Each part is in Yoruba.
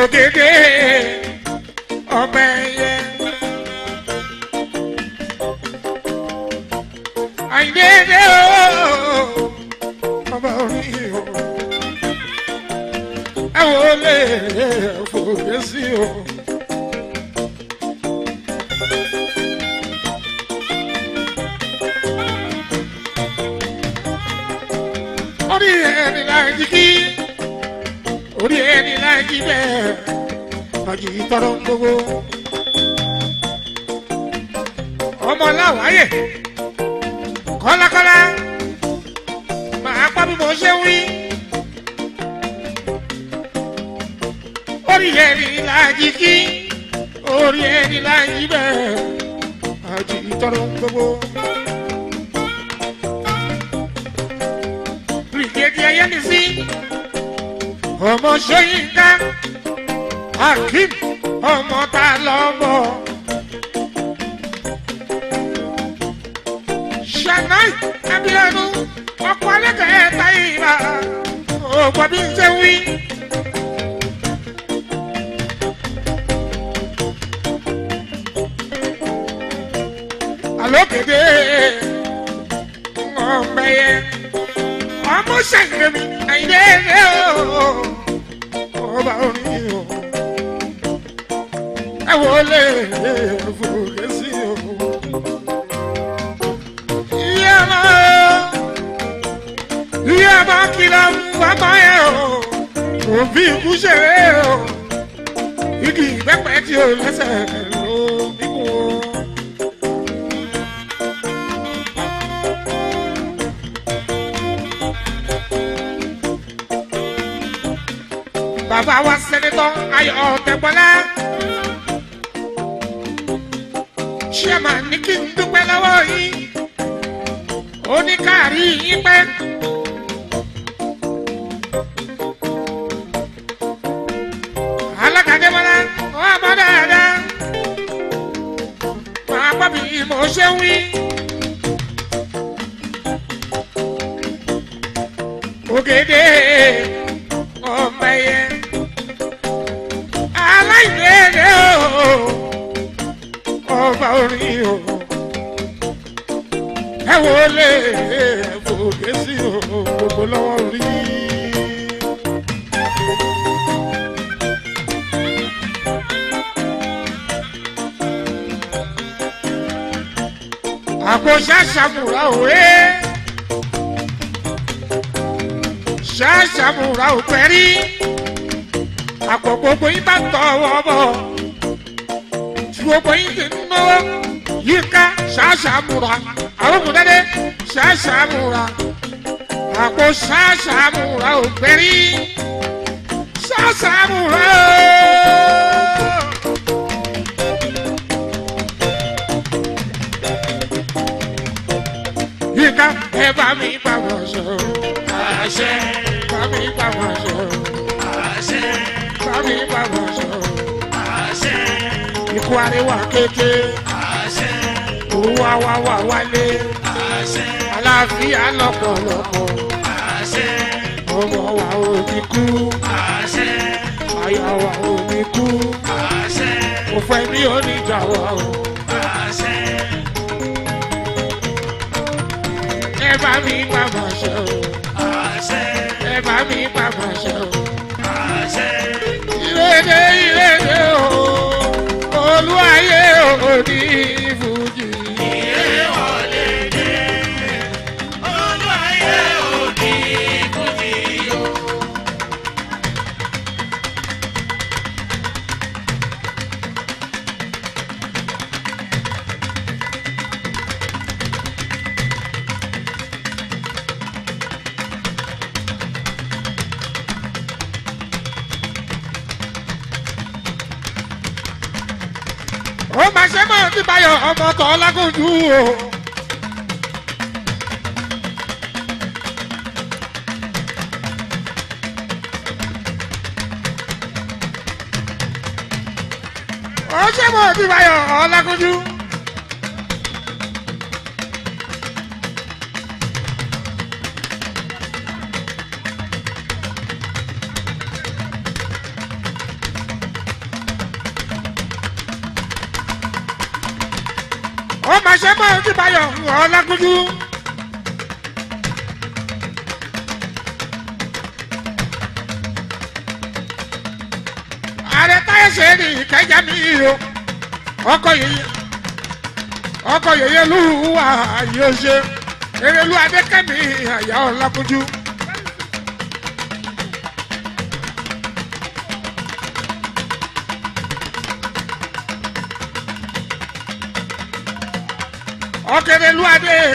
Okay, okay. bàbá wa sẹ́nitọ́ ayọ̀ ọ̀tẹ̀gbọ́lá. ṣé màá ní kí n dúpẹ́ lọ́wọ́ yìí ó yín pẹ́. dùn o. ọ̀ṣẹ́ mọ̀ ọ́ ti báyọ̀ ọ́ lákòjú. alágúdú. ààrẹ táyé ṣe ní ìkẹjà mi o ọkọ yèyé ọkọ yèyé lùwà yóò ṣe erelú adékẹ́mi àyà ọlágúdú.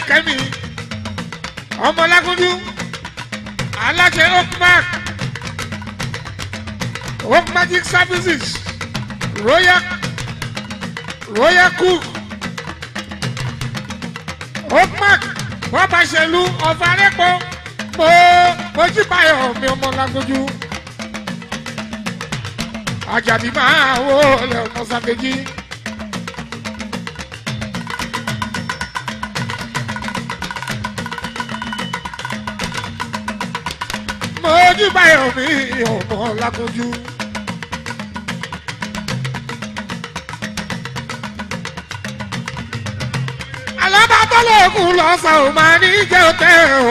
kẹ́mi ọmọlágúndú aláṣẹ okmark okmagic services royal royal cook okmark bọ́bàṣẹ́lú ọ̀fàrẹ́pọ̀ mo ojúbáyọ̀ mi ọmọlágúndú àjàdí máa wọlé ọmọ sàkéjì. mi ọmọ lákòójú. alábàbọ́lẹ̀kùn lọ́sàn ò máa ní jẹ́ òtẹ́ o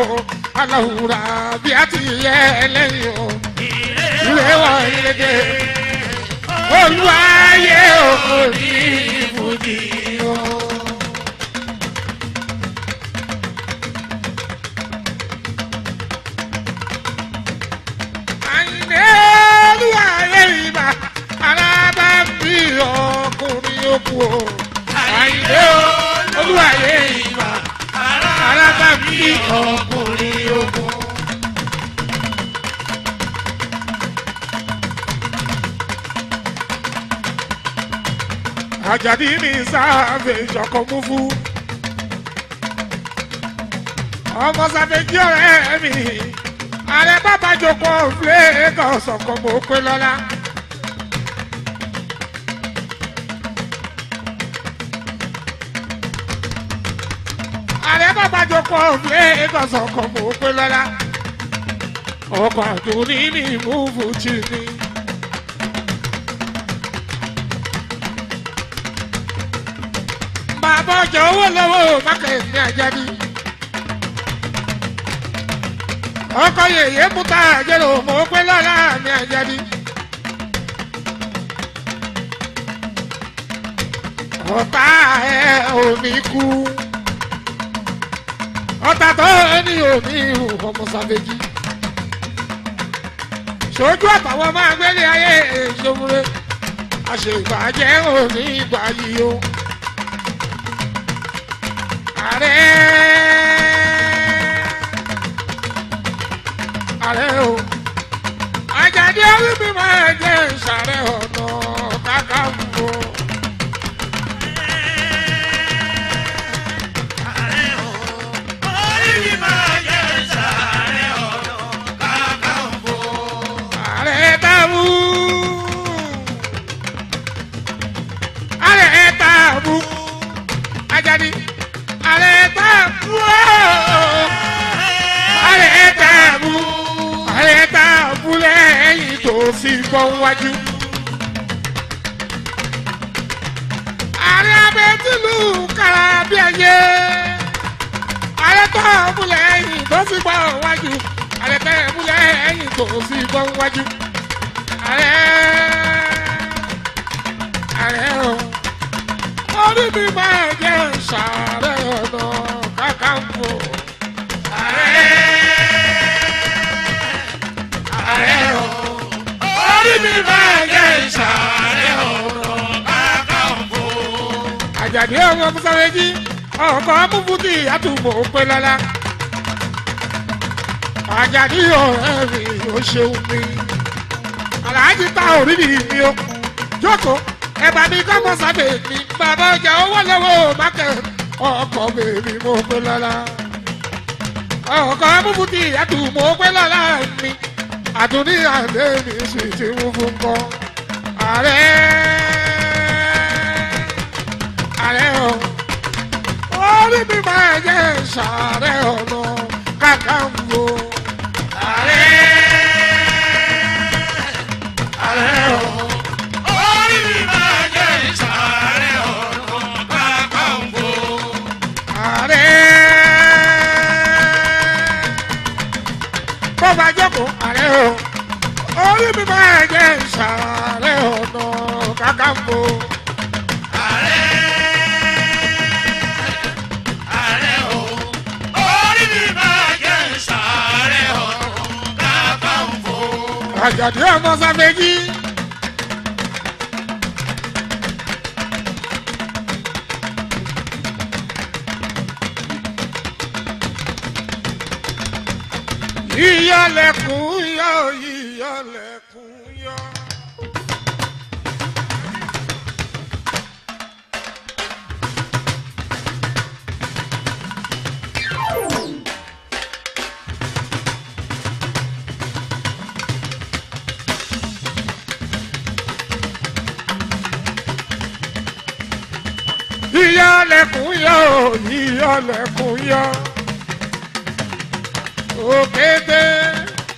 aláwùrà bí a ti yẹ ẹlẹ́yìn o ilé wọn ìrèké olúwa ayé òkú ní ìbùdí o. ọkùnrin òkú o. àyíké olúwàyé ìwà alábàbí ọkùnrin òkú. àjàdí ní sáfẹ̀ ìjọkọ̀ mú fún. ọmọ sáfẹ̀ jí ọ̀rẹ́ mi àrẹ bàbá jókòó fúlẹ̀ kọ̀ọ̀sán kan mọ̀ ó pé lọ́la. ọkọ̀ Lagos ọkọ̀ mò ń pé lọ́la ọkọ̀ àtúrí ní ìmúfù jì ní. bàbá ọjà owó lọ́wọ́ mákèsì àjẹbí ọkọ̀ yèyé múta àjẹrò mò pé lọ́la ní àjẹbí. ọ̀tá ẹ̀ ò ní kú ọ̀tà tó ẹni omi ìhù ọmọ sàbẹ̀jì. ṣojú àtàwọn máa gbélé ayé ìṣòwúre àṣègbàjẹ́ òní ìgbà o. ààrẹ ààrẹ o àjàdí orí máa jẹ́ ìsàrẹ́ o. ìbọn wájú. ààrẹ abẹ́tìlú kára bí ẹyẹ ààrẹ tó múlẹ̀ ẹ̀yìn tó sì gbọ́ wájú ààrẹ tẹ̀ múlẹ̀ ẹ̀yìn tó sì gbọ́ wájú. ààrẹ ààrẹ o orí mi máa jẹ́ sàárẹ̀ ọ̀nà kàkàǹfò. àjàdí ọmọ fúsàrẹ́jì ọkọ̀ amúfútì àtúbọ̀ òpè lọ́la àjàdí ọ̀rẹ́ mi ò ṣeun mi aláàjì ta òrìrì mi o jókòó ẹ̀bà mi kọ́ mọ́ sábẹ́ mi bàbá ọjà owó lọ́wọ́ mákẹ́ ọkọ̀ bèbí mo pè lọ́la ọkọ̀ amúfútì àtúbọ̀ òpè lọ́la mi àdúní àlẹ́ mi sì ti wú fún kọ́ ààrẹ ààrẹ o orí mi máa jẹ́ sàárẹ̀ ọ̀nà kàkàǹgò. mi máa jẹ ìsàlẹ̀ ọ̀nà kàkàǹfò. Àjàdí ọmọ sáfẹ́jì. Ìyá lẹ̀kùn ìyá òyìn. lẹ́kùn yọ yíyọ lẹ́kùn yọ. òkété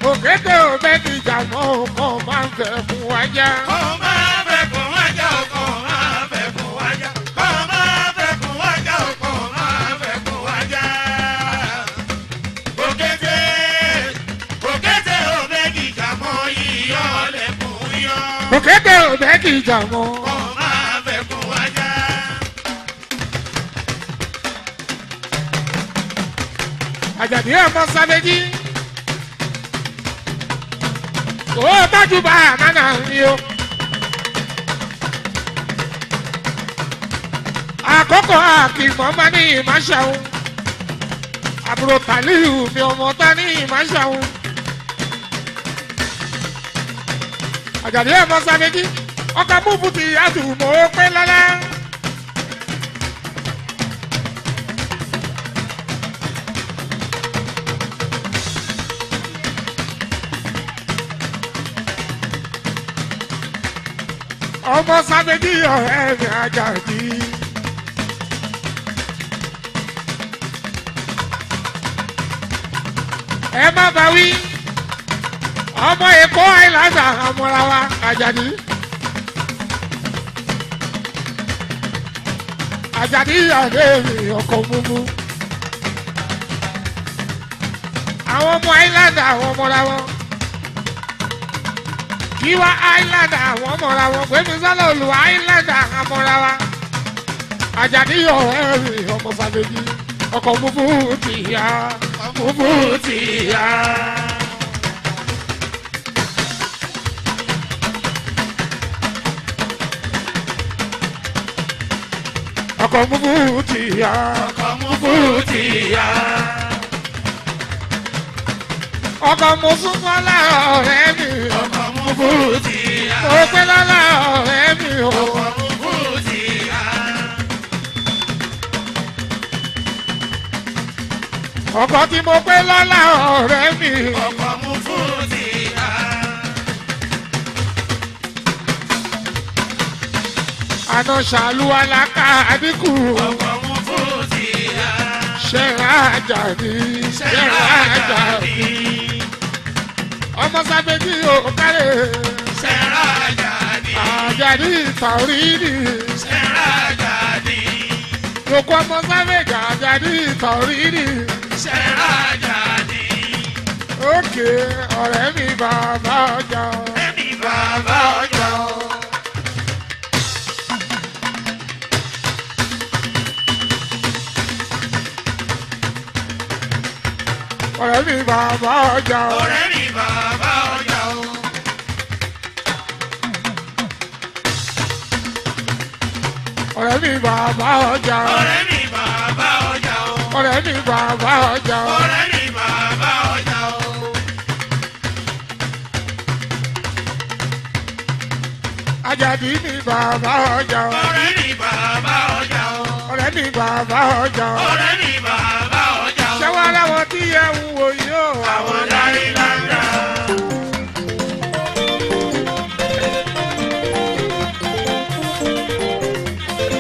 òkété òbẹ ti jà mọ ọkọ máa ń fẹ́ fún wa já. kò máa fẹ́ fún wa já ọkọ máa fẹ́ fún wa já. kò máa fẹ́ fún wa já ọkọ máa fẹ́ fún wa já. òkété òkété òbẹ ti jà mọ yíyọ lẹ́kùn yọ. òkété òbẹ ti jà mọ. ní ọmọ sàbẹjì ó bájú bá àmàna ni o. àkókò àkìmọ́ máa ní ìmáṣàun àbúrò tàlíù mi ọmọ tá ní ìmáṣàun. àjàdí ẹ̀ mọ́ sàbẹjì ọkọ̀ múfù ti àtùmọ̀ ó pẹ́ lọ́lá. ọmọ sábẹ́jì ọ̀rẹ́ mi àjàdí. ẹ má bá wí ọmọ èkó àìláṣà àmọ́ra wa àjàdí. àjàdí ọ̀rẹ́ mi ọkọ̀ múmú. àwọn ọmọ àìláṣà àwọn ọmọra wọn. Iwa Island àwọn mọ̀ra wọn gbẹ̀mí sálẹ̀ Olúwa Island àwọn mọ̀ra wa. Àjàdí ọ̀rẹ́ mi ọmọ Sàbẹ̀bí ọkọ̀ mú fún tìyà mú fún tìyà. ọkọ̀ mú fún tìyà ọkọ̀ mú fún tìyà ọkọ̀ mú fún mọ́lá ọ̀rẹ́ mi. ọkọ̀ tí mo pé lọ́la ọ̀rẹ́ mi. ọkọ̀ mu fún ti ra. àná ṣàlùwà lákà àdínkù. ọkọ̀ mu fún ti ra. ṣẹ̀rá àjà ni ṣẹ̀rá àjà ni. ọmọ sábẹ́jì ò kárẹ̀. ṣẹ̀rá àjà ni. àjà ni ìtàrí ni. ṣẹ̀rá àjà ni. ọmọ sábẹ́jì àjà ni ìtàrí ni ṣe rajà ni. òkè ọ̀rẹ́ mi bàbá ọjà. ẹ̀mí bàbá ọjà. ọ̀rẹ́ mi bàbá ọjà. ọ̀rẹ́ mi bàbá ọjà. ọ̀rẹ́ mi bàbá ọjà. ọ̀rẹ́ ọ̀rẹ́ ni bàbá ọjà o. ọ̀rẹ́ ni bàbá ọjà o. Àjàdí ni bàbá ọjà o. ọ̀rẹ́ ni bàbá ọjà o. ọ̀rẹ́ ni bàbá ọjà o. ọ̀rẹ́ ni bàbá ọjà o. ṣé wàá tí ẹ ń wò yìí àwọn láyé láńdà.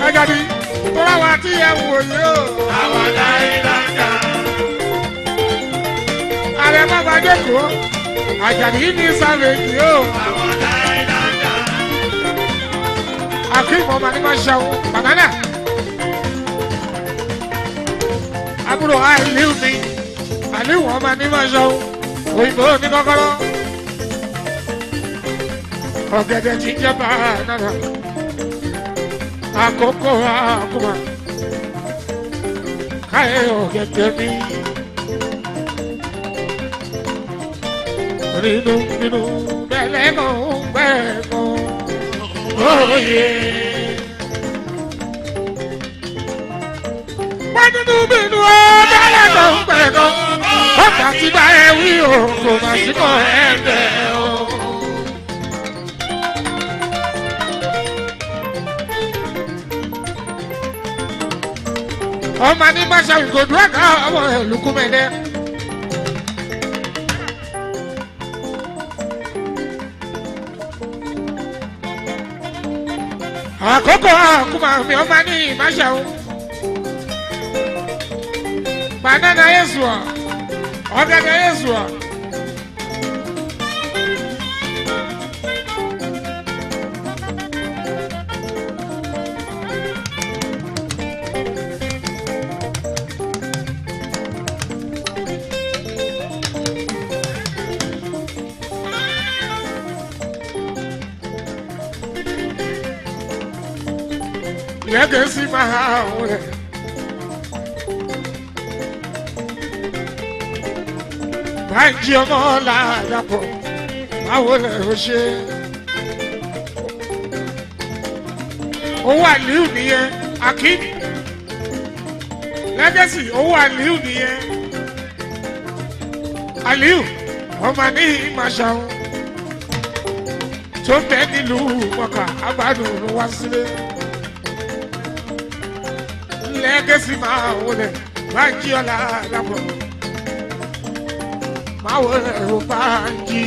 Àjàdí tó rà wá tí ẹ wò yìí o. àwọn láìláńgá. ààrẹ bàbá jẹ́kọ̀ọ́ àjàdí ní sàlẹ̀jì o. àwọn láìláńgá. akíkọ̀ ọmọ ní máa ń ṣàwọn bàbá àbúrò àìlú mi àlú wọn máa ní máa ṣàwọn òyìnbó ní kọ́kọ́rọ́ ọ̀gẹ̀dẹ̀ jíjẹ́ bá a náà àkókò akuma káyé ọ̀gẹ̀dẹ̀ mi. nínú nínú bẹ́lẹ̀ mọ̀ bẹ́ẹ̀ mọ̀ òye. Pẹ́ẹ́nínú bínú ọ bẹ́lẹ̀ mọ̀ bẹ́ẹ̀ mọ̀ bàtà tí bá ẹ wí o kò ẹ bẹ́ẹ̀ o. ọmọ ní bàṣà ìgòdú àgá ọmọ ẹlùkúmẹdẹ. àkókò àkùmọ̀ mi ọmọ ní ìbàṣà o. banana yẹn sùọ ọ̀gẹ̀dẹ̀ yẹn sùọ. jí ọmọ làdàpọ̀ máwo lè o ṣe. owó àlíù nìyẹn akin lẹ́gẹ̀sì owó àlíù nìyẹn àlíù ọmọ ní ìmàṣàun tó bẹ nílùú mọ̀kà abádùn wá sílé lẹ́gẹ̀sì máa wọlé máa jí ọ̀la lápò táwọn èrò bá ń jí.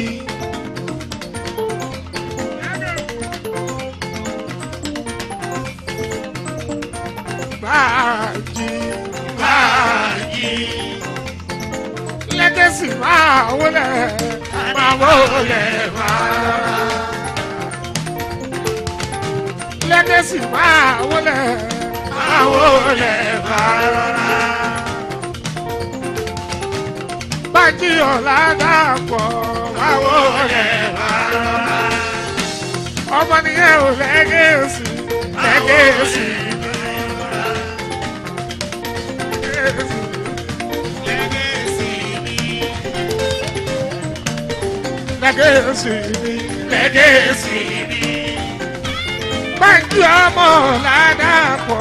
Báàjì báàjì lẹ́gẹ̀sì máa wọlé máa wọlé máa. Lẹ́gẹ̀sì máa wọlé máa wọlé máa rọra. tí ọ̀la dàpọ̀ wáwo rẹ̀ rárá. ọmọ nìyẹn ò lẹ́gẹ̀ẹ́sì lẹ́gẹ̀ẹ́sì. Lẹ́gẹ̀ẹ́sì mi, lẹ́gẹ̀ẹ́sì mi. Báńkì ọmọ ọ̀la dàpọ̀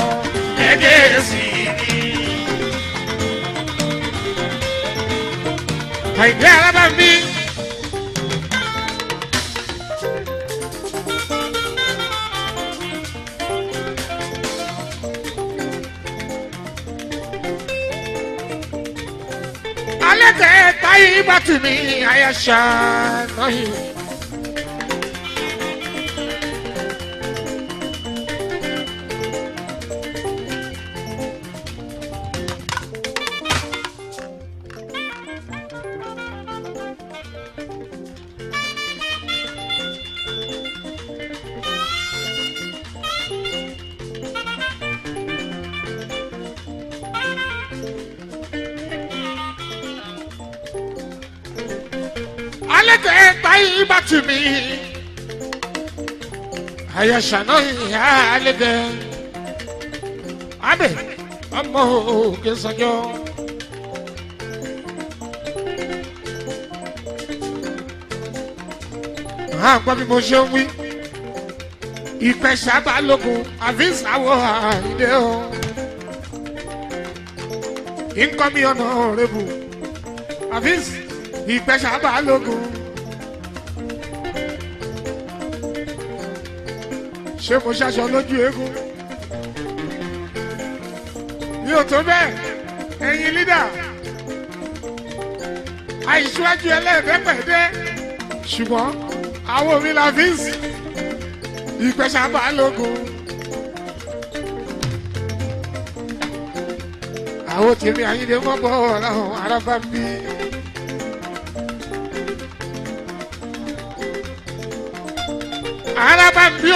lẹ́gẹ̀ẹ́sì. àyìnlẹ́ alábàmí. alẹ́ tẹ̀ táyé bá tì mí me. I náà yìí. ayẹsẹ náà yà á lé dẹ abẹ ọmọ òkè sọjọ. a gbọ́ bí mo ṣe ń wí ìpẹ̀sẹ̀ abálòkun àfi ìsàwọ̀ àìdè o ìkọ́mi ọ̀nà òrèbù àfi ìpẹ̀sẹ̀ abálòkun. ṣé mo ṣaṣọ lójú eégún mi ò tó bẹ́ẹ̀ ẹ̀yin lídà àìṣíwájú ẹlẹ́ẹ̀dẹ́gbẹ̀dẹ́ ṣùgbọ́n àwọn omi la fi ń sìn ìpẹ́ṣà bá lógun. àwọn tèmi àyíndé mọ́ bọ́ arábá bíi.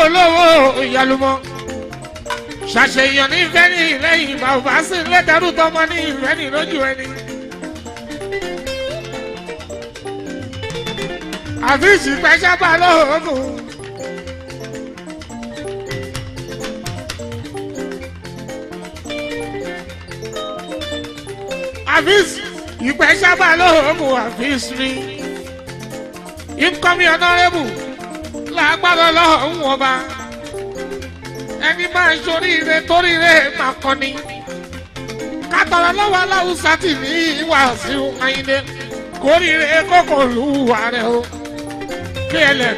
olówó ìyàlùmọ́ ṣàṣeyàn ní fẹ́ni lẹ́yìn bàbá sí lẹ́tàrú tọmọ ní ìfẹ́ni lójú ẹni. àfíìsì pẹ́ṣẹ́bà lóògùn. àfíìsì ìpẹ́ṣẹ́bà lóògùn àfíìsì mi. incoming honourable lágbára ọlọ́run ọba ẹni máa ń ṣoríire toríire máa kọ́ni kátàrà lọ́wọ́ aláwùsá tì ní ìwà sí ayinde kórìíre kókò lù wà rẹ o pẹ̀lẹ́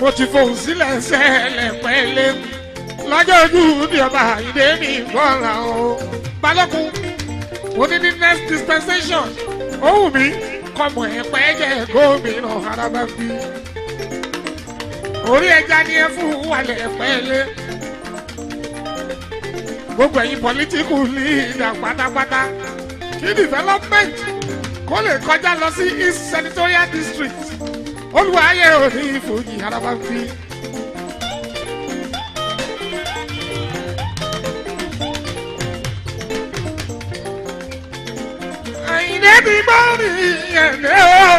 mo ti fohùn sílẹ̀ sẹ́ẹ̀lẹ̀ pẹ́lẹ́ lọ́jọ́ ojú ni ọba ayinde mi gbọ́ràn o balógun mo ní ní next dispensation ó wù mí kọ́mọ ẹ̀ pẹ́ẹ́jẹ́ gómìnà Arábábí. orí ẹja ni ẹ fún wàlẹ̀ pẹ́ẹ́lẹ́. gbogbo ẹ̀yin pọ́lítíkù líìdà pátápátá kí development kó lè kọjá lọ sí East Senatorial District olùwàyẹ̀ òní ìfòyì Arábábí. mi bá mi ẹ̀mí o.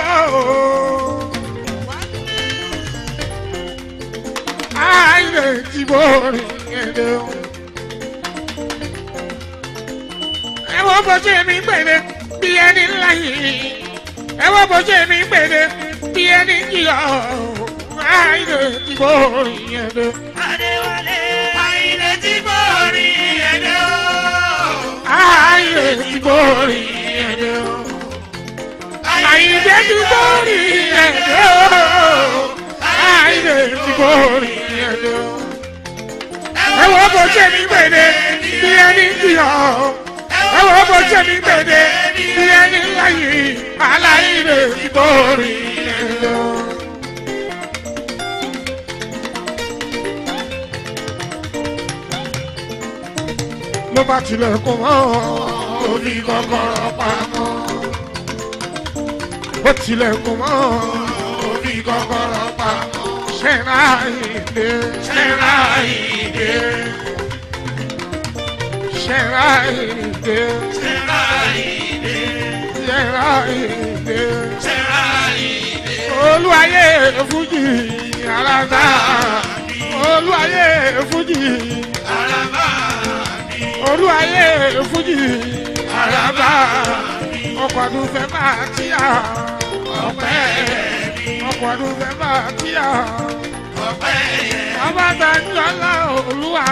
Àìlè tí mo rìn ẹ̀dẹ̀ o. Ẹ wọ́n bó ṣe mi gbèdé bí ẹni ńlá yìí. Ẹ wọ́n bó ṣe mi gbèdé bí ẹni jìyà o. Àìlè tí mo rìn ẹ̀dẹ̀. Adéwálé àìlè tí mo rìn ẹ̀dẹ̀ o. Àìlè àìdè ti borí ẹ̀dọ́ àìdè ti borí ẹ̀dọ́. ẹ wọ́n bó ṣe ní gbèdé bí ẹni yọ̀ ẹ wọ́n bó ṣe ní gbèdé bí ẹni lẹ́yìn aláìdè ti borí ẹ̀dọ́. ló bá tilẹ̀ kó mọ́ ọ́ orí kọ́kọ́rọ́ pamọ́ ó tilẹ̀kùn mọ́ orí kọ́kọ́rọ́ pa ṣẹ́ra ìdè ṣẹ́ra ìdè ṣẹ́ra ìdè ṣẹ́ra ìdè ṣẹ́ra ìdè ṣẹ́ra ìdè olúwayé fújì alága olúwayé fújì alága olúwayé fújì alága ọkọ̀ ọdún fẹ́ bá a ọpẹ́ yẹn ọ̀pọ̀ ọdún fẹ́ máa kí ọ. ọpẹ́ yẹn ọba tàbí ọlá olúwa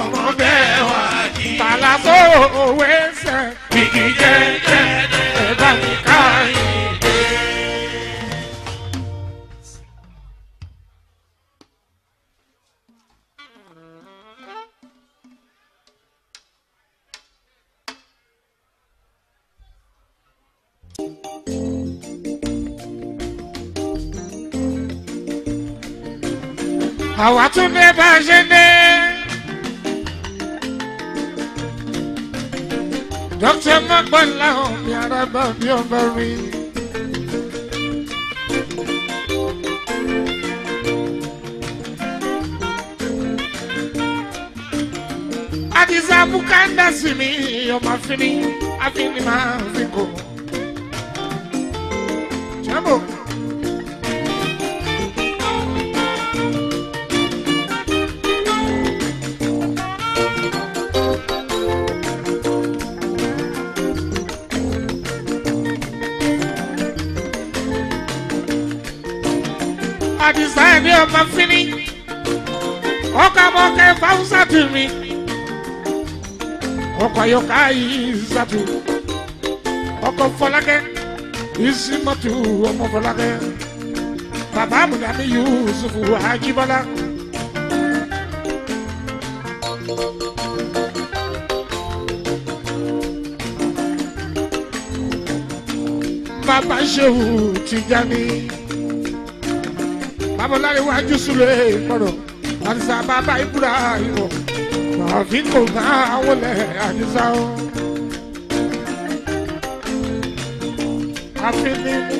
ọmọ bẹ́ẹ̀ wá kí. tàlàbọ̀ òwe ṣe kìkì jẹ́jẹ́ ẹ̀dá àwa tún dé bá a ṣe dé. dókítà mọ́gbọ́nlá omi arábà bí ọba rí. àdìsá bukanda sí mi ọmọ àfin ni àfin ni fi kò. jábọ̀. àdìsá ẹ̀mí ọmọ fínní ọkọ mọkẹ fáwùsà tì mí ọkọ yọkà yìí zàtù ọkọ fọlákẹ ìsímọtò ọmọ fọlákẹ bàbá àmúdàmí Yusuf Àjíbọ́lá. bàbá ṣe wù Tìjàní babaláríwájú sùlẹ̀ ìkọ̀rọ̀ eh, àdìsá bàbá ìbúra ìwọ̀ àfin kò bá wọlé àdìsá o. àfin ni mo.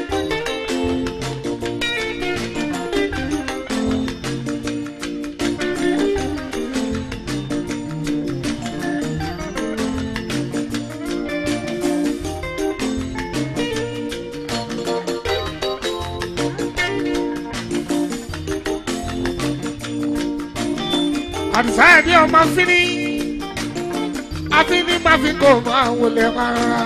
ọmọ síní àti ní pàfikò máa wọlé máa rà.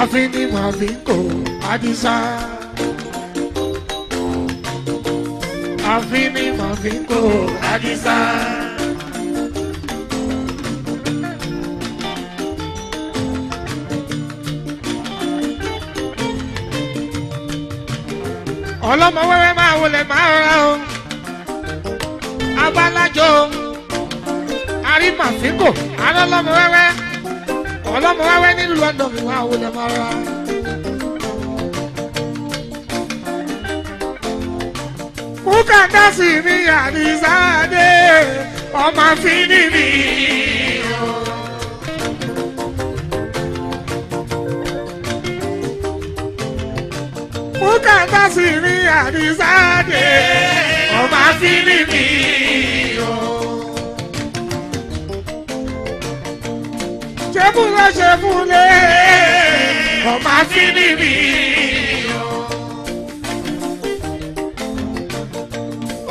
Afini Mavinko Adisa Afini Mavinko Adisa. ọlọ́mọ wẹ́wẹ́ máa wọlé máa rà o abálájọ arímàfíkò arọ́lọ́mọ wẹ́wẹ́ ọlọ́mọ wẹ́wẹ́ nílùú London mi wá wọlé máa rà o. kúkà dá mi ọmọ fídìmí. kàńtà sí ní àdìsáàdì ọba fílípì o. ṣẹ́fúnlẹ̀ ṣẹ́fúnlẹ̀ ọba fílípì o.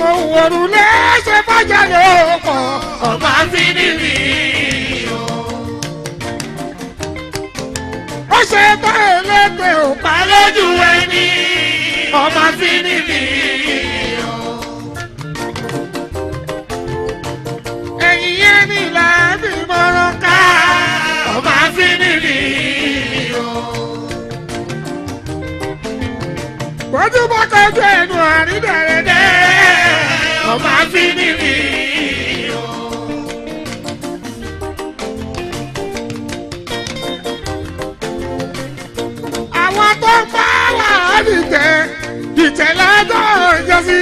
òun òrùlé ṣe fàjà lóko ọba fílípì o. ó ṣe tó eléte ò pa lójú ẹni ọmọ sí ní mi o. ẹ̀yìn yẹn ni làbí mọ́rọ́ ká ọmọ sí ní mi o. bójú bọ́ tọ́jú ẹnu àrídẹ̀rẹ̀dẹ̀ ọmọ sí ní mi o. àwọn ẹ̀ṣẹ̀ látọ̀ jọ sí.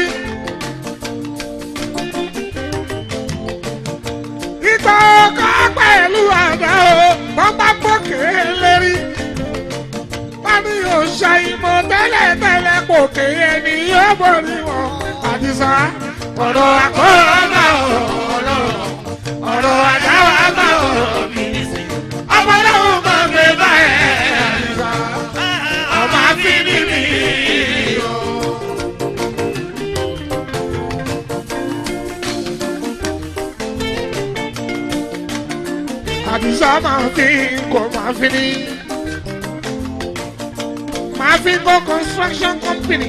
ìtọ́kọ́ pẹ̀lú àdá o bọ́pá gòkè lérí. pálí òòṣà ìmọ̀ tẹ́lẹ̀tẹ́lẹ̀ kò ké ẹni yóò borí wọn àdìsá. ọ̀rọ̀ àkọ́rọ̀ náà ọ̀rọ̀ ọ̀rọ̀ àdáwà. sọ máa fi kò máa fi ní. máa fi kó construction company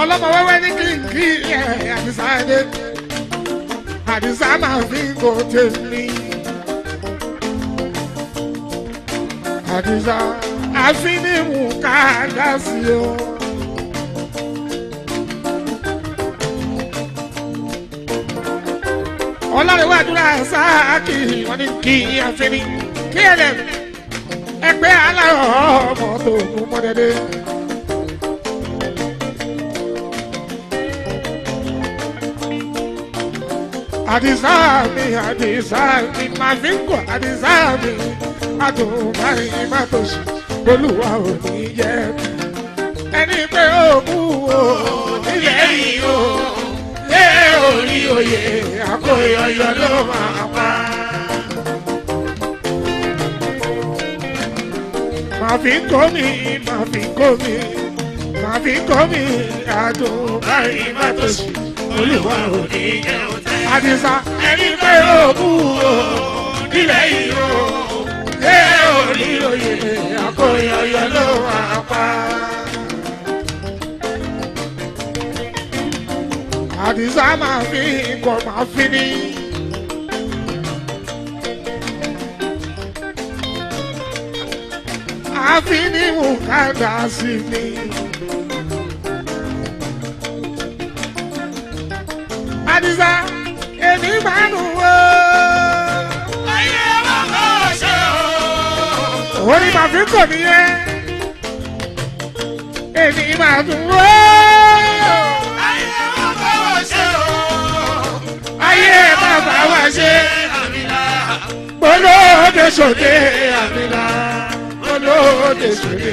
ọlọ́mọ wẹ́wẹ́ ní kínkì ẹ̀ àdìsá ẹ̀dẹ́ àdìsá máa fi kò tèmi. àdìsá àfi ní mú ká dá sí o. ọlọ́rẹ̀wájú ra sáàkì wọn ni kí ẹsẹ̀ ni kí ẹlẹ̀ ẹgbẹ́ aláwọ̀ ọmọ tó kú mọ́ dédé. àdìsá mi àdìsá mi máa fi ń gọ̀ àdìsá mi àtòmáyé má tó sì olúwa ò ní jẹ́ ẹni pé ó kú o nílẹ̀ yìí o orí oyè àkóyọyọ ló máa pa. màfi kọ́ mi màfi kọ́ mi màfi kọ́ mi àdùn báyìí má tó ṣe olùwà òní jẹ́ òtẹ́. àdìsá ẹni pé òògùn o nílẹ̀ yìí o ṣé orí oyè àkóyọyọ ló máa pa. àdìsá máa fi ikọ̀ máa fi ní. àfi ní bùkátà sí ni. àdìsá èmi máa nù wọ́. ayé wọn kò ṣe o. wá ṣe àmìlà. Olóde sòde àmìlà. Olóde sòde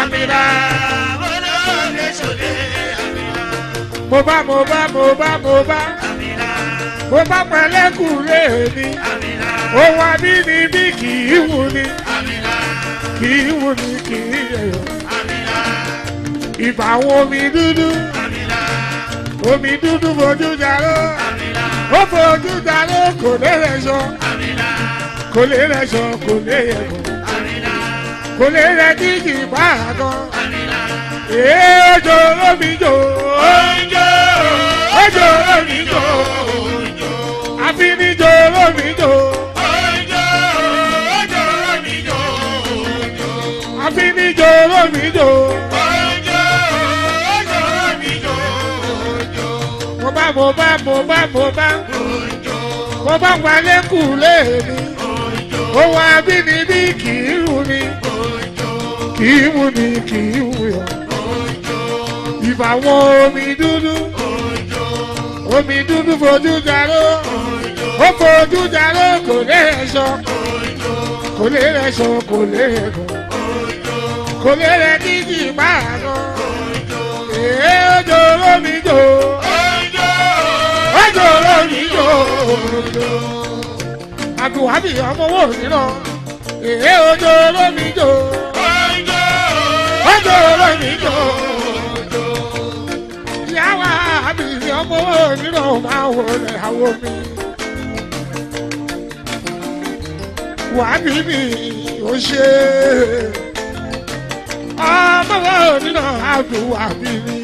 àmìlà. Olóde sòde àmìlà. Mo bá mo bá mo bá mo bá. Àmìlà. Mo bá pẹlẹ́kùnlé mi. Àmìlà. Ohun abínibí kì í wù ni. Àmìlà. Kì í wù ni kì í yẹ̀yọ̀. Àmìlà. Ìbà àwọn omi dúdú. Àmìlà. Omi dúdú fojú jarọ́ ó fojú dalé kò lè rẹ̀ sọ kò lè rẹ̀ sọ kò lè yẹ bọ̀ kò lè rẹ̀ díjì bá a gan èèjò lómi jò èèjò lómi jò àfinijò lómi jò. àfinijò lómi jò. mo bá mo bá mo bá mo bá wálé kù léèmí ohun abínibí kì í wù mí kì í wù mí kì í wù yọ ìfàwọn omi dúdú omi dúdú fojú jaró ó fojú jaró kò lè ẹ̀ṣọ́ kò lè ẹ̀ṣọ́ kò lè ẹ̀gùn kò lè rẹ̀ díjì máa lọ èé ó jọ jò dọ̀rẹ́ mi jòòjò àbúhábì ọmọ owó òmìnira èyí ojú olómi jò ojú olómi jòòjò ìyáwó àbí ọmọ owó òmìnira ò máa wọlé àwọn mi wàhábì mi ò ṣe ọmọ owó òmìnira àbúhábì mi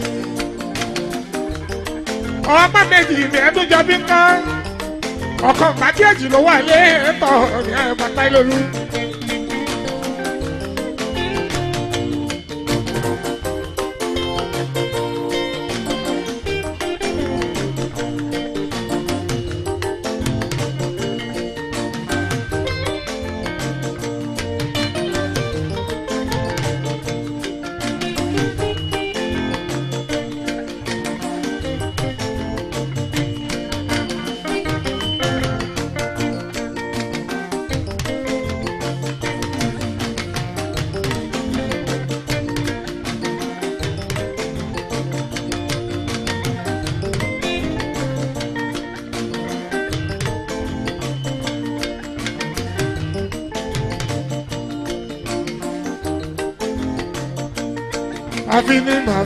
ọ̀pá méjì ìbẹ̀ẹ́ tó jọ bí nǹkan ọ̀kan pàtí èjì ló wà lé ẹ̀tọ́ ní ẹ̀bàtà ìlólú.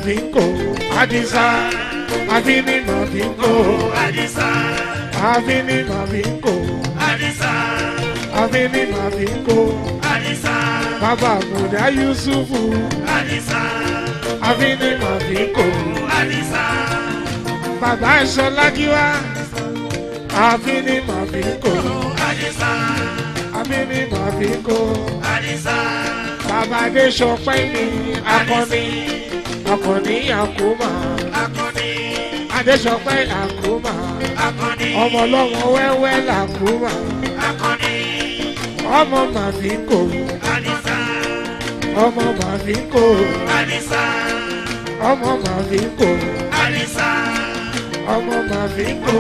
nothing go, Adisa. Avini nothing go, Adisa. Avini nothing go, Adisa. Avini nothing go, Adisa. Baba Muda Yusufu, Adisa. Avini nothing go, Adisa. Baba Sholagiwa, Avini nothing go, Adisa. Avini nothing go, Adisa. Baba Deshopaini, Akoni. Adisa. Akànnì Àkómà. Akànnì. Adéṣọpẹ́ Àkómà. Akànnì. Ọmọ ọlọ́mọ wẹ́wẹ́ làkómà. Akànnì. Ọmọ màfíkò. Àdìsá. Ọmọ màfíkò. Àdìsá. Ọmọ màfíkò. Àdìsá. Ọmọ màfíkò.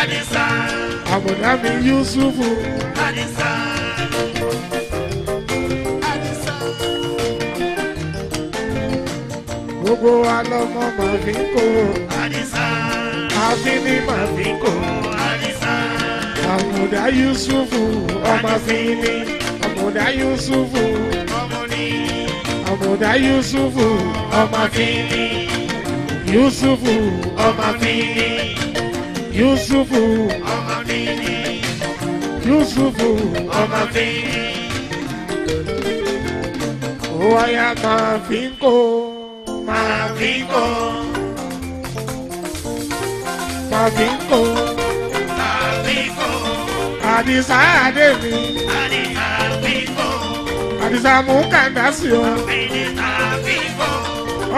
Àdìsá. Àbùdá mi gbogbo wa lọ́mọ màá fi ń kó. àdìsá. àfínní màá fi ń kó. àdìsá. àmùdá yusufu ọmọ fínní. àmùdá yusufu ọmọ ní. àmùdá yusufu ọmọ fínní. yusufu ọmọ fínní. yusufu ọmọ fínní. yusufu ọmọ fínní. ó wáyà máa fi ń kó kó. Tàbí kó. Tàbí kó. Àdìsá Adémi. Àdìsá bí kó. Àdìsá mú kàdá sí o. Àdìsá bí kó.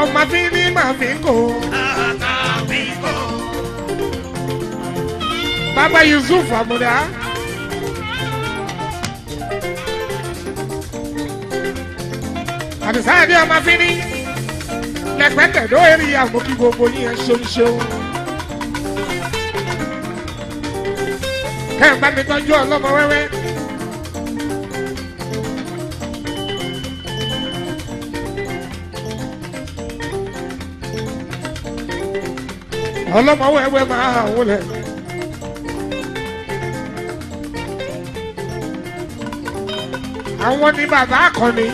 Ọmọ tí ní màá fi kó. Àdìsá bí kó. Bàbá Yusuf Àmúdá. Àdìsá Adé ọmọ fi ní pẹ̀tẹ̀pẹ̀tẹ̀dó eré àmọ́ kí gbogbo yín ẹ ṣeun ṣeun. kẹ́ ẹ bá mi tọ́jú ọlọ́mọ wẹ́wẹ́. ọlọ́mọ wẹ́wẹ́ máa hàn wọlé. àwọn ni bàbá akọni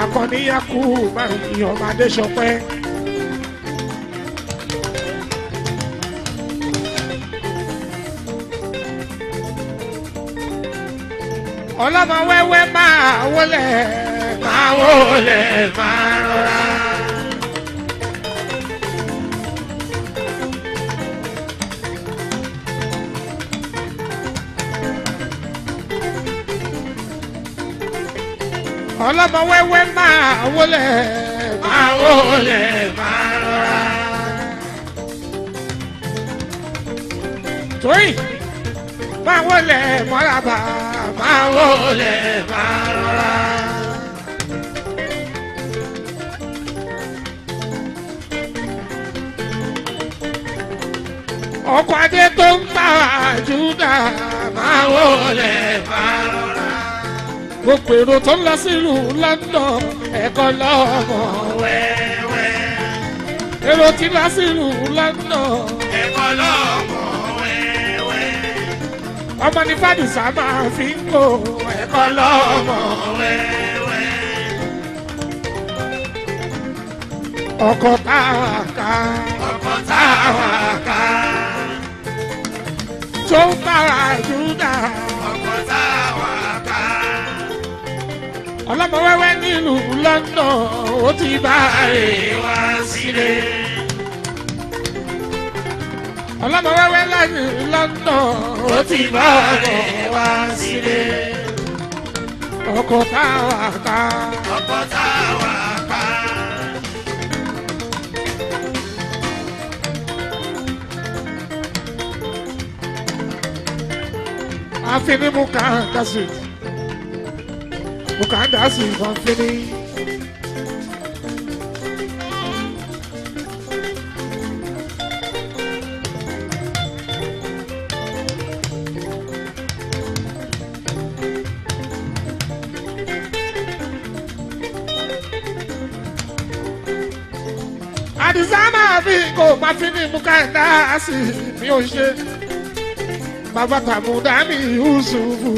akọni yakú bá ìyọ̀mọ̀ adé sọpẹ́. ọlọ́mọ wẹ́wẹ́ máa wọlé máa wọlé máa rọra. ọlọ́mọ wẹ́wẹ́ máa wọlé máa wọlé máa rọra. torí máa wọlé mọ́ra bá a máa wọlé máa rọra. ọkọ̀ adé tó ń ta àjúdà máa wọlé máa rọra. gbogbo èrò tó ń lọ sílùú London ẹ̀kọ́ lọ́mọ wẹ́wẹ́. èrò tí lọ sílùú London. ọmọ ní fàdùsá máa fi ń kó ẹ̀kọ́ lọ́mọ wẹ́wẹ́. ọkọ̀ táwa ká ọkọ̀ táwa ká tó ń bára júdà ọkọ̀ táwa ọlọ́mọ wẹ́wẹ́ nílùú London ó ti bá a rè wá sílé ọlọ́mọ wẹ́wẹ́ láti London. ó ti bọ́ rẹ̀ wá sílé. ọkọ̀ tá a wà ká. ọkọ̀ tá a wà ká. àfinimu kan dasi mu kan dasi kan fini. bá fi ní mú káńdá sí mi ò ṣe bàbá tàmúdá ní yusufu.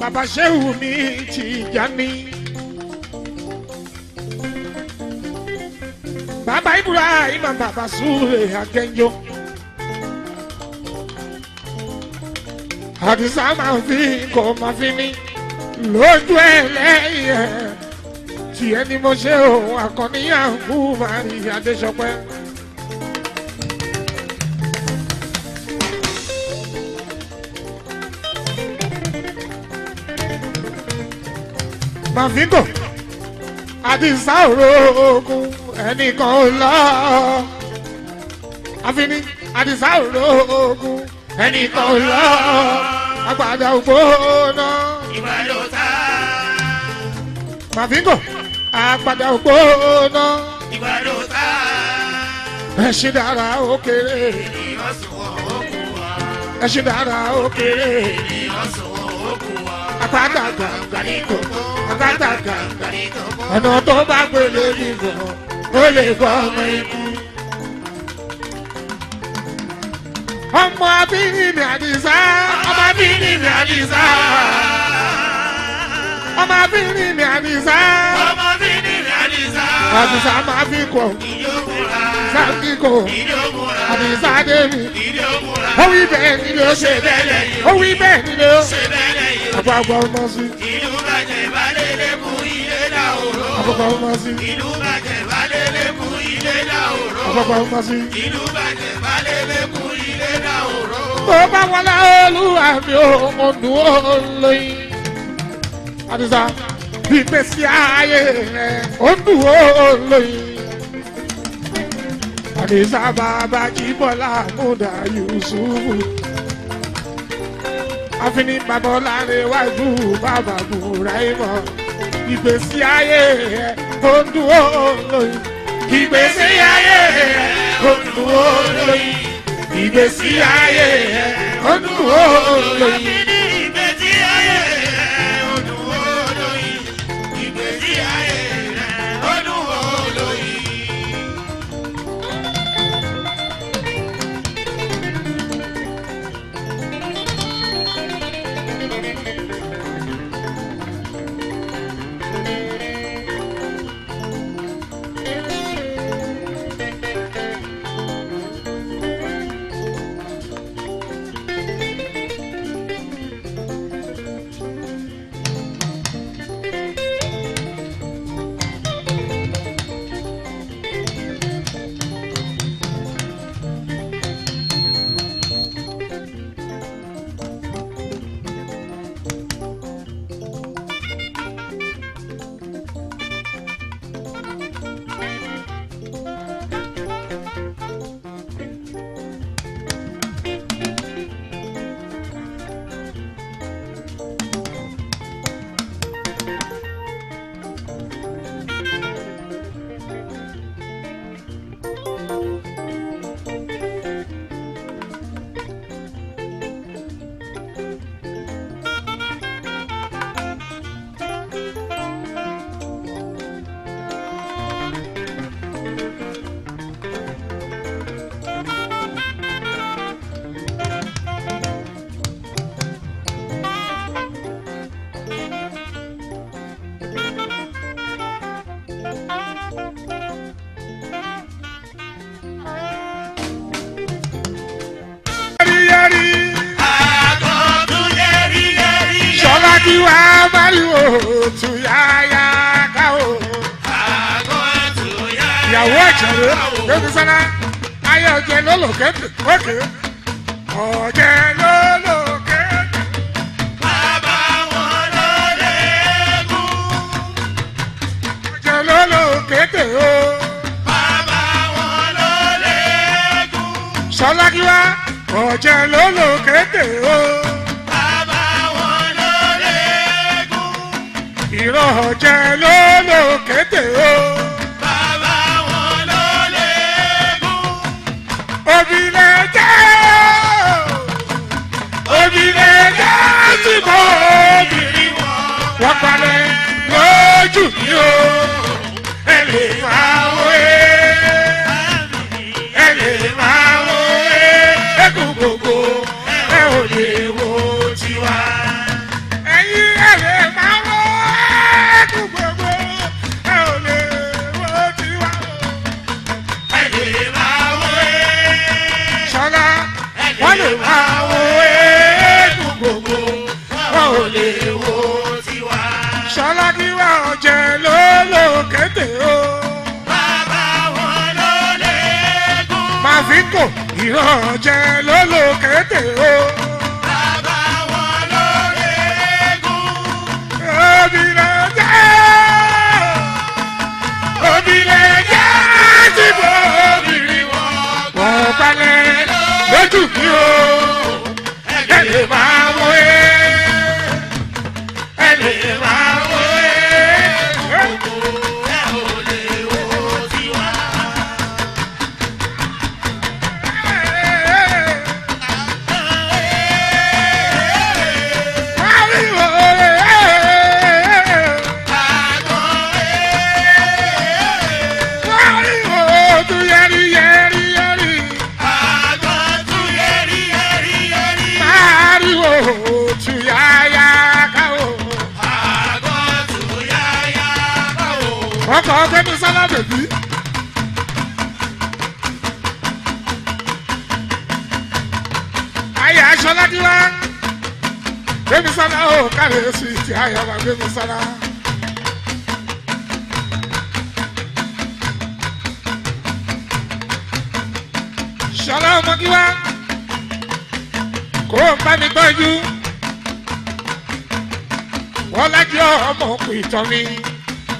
baba ṣéwù mi Tìjàní. bàbá Ibrahim bàbá Sule Agenjo. àdìsá máa fi kò máa fi ní lójú ẹlẹ́yẹ tiẹ̀ ni mo ṣe o àkànníyàǹkú mari adéṣọpẹ́. màfíkò àdìsá òrókun ẹnìkan ò lọ àfini àdìsá òrókun ẹnìkan ò lọ àgbàdo ògbóná. ìbálòta. màfíkò àpàdà ògbóná. ìwà ló ta. ẹṣin dára ó kéré. ènìyàn sùnwọ̀n ó kù wá. ẹṣin dára ó kéré. ènìyàn sùnwọ̀n ó kù wá. àpàdà gàǹgà ní kòkó. àpàdà gàǹgà ní kòkó. ọ̀nà tó bá gbélé nìkan ó lè gbọ́ ọmọ ikú. ọmọ abínibí àdìsá. ọmọ abínibí àdìsá. ọmọ abínibí àdìsá. ọmọ àti sàmà fíkọ sàkíkọ àti sàdémi ó wí bẹ́ẹ̀ ni ló ṣe bẹ́ẹ̀ lẹ́yìn ó wí bẹ́ẹ̀ ni ló ṣe bẹ́ẹ̀ lẹ́yìn àbábọ̀ ọmọ sí. ìlú bàjẹ́ ìbálẹ̀ lè mú ilé dà òró. àbábọ̀ ọmọ sí. ìlú bàjẹ́ ìbálẹ̀ lè mú ilé dà òró. àbábọ̀ ọmọ sí. ìlú bàjẹ́ ìbálẹ̀ lè mú ilé dà òró. bó bá wọlé olúwa mi ò nù ó lóyún. àdìsá ìgbésí ayé rẹ̀ ó dùn ó lóyún. àdìsá bàbá jíbọ́lá múdà yusufu. àfínní bàbá ọ̀làrẹ̀wájú bàbá bùrẹ̀ ìmọ̀ ìgbésí ayé rẹ̀ ó dùn ó lóyún. ìgbésí ayé rẹ̀ ó dùn ó lóyún. ìgbésí ayé rẹ̀ ó dùn ó lóyún. lòkè tètè ọ̀jẹ̀ ló lòkè. bàbá wọn ló lẹ́gùn. ọ̀jẹ̀ ló lòkè tètè o. bàbá wọn ló lẹ́gùn. sọlákíwá ọ̀jẹ̀ ló lòkè tètè o. bàbá wọn ló lẹ́gùn. ìrọ̀ ọ̀jẹ̀ ló lòkè tètè o. o ẹlẹ́yìn á. kéde o. bàbá wọn ló léegun. màfíkò ìrànjẹ ló lò kéde o. bàbá wọn ló léegun. obìnrin jẹ́ obìnrin jẹ́ ti bọ́ obìnrin wọn. wọ́n balẹ̀ lójú mi o. ayọ̀ máa gbé mi sára. ṣọlá ọmọgíwá kó o bá mi gbọ́jú wọ́n lájọ́ ọmọ òkú ìtọ́ mi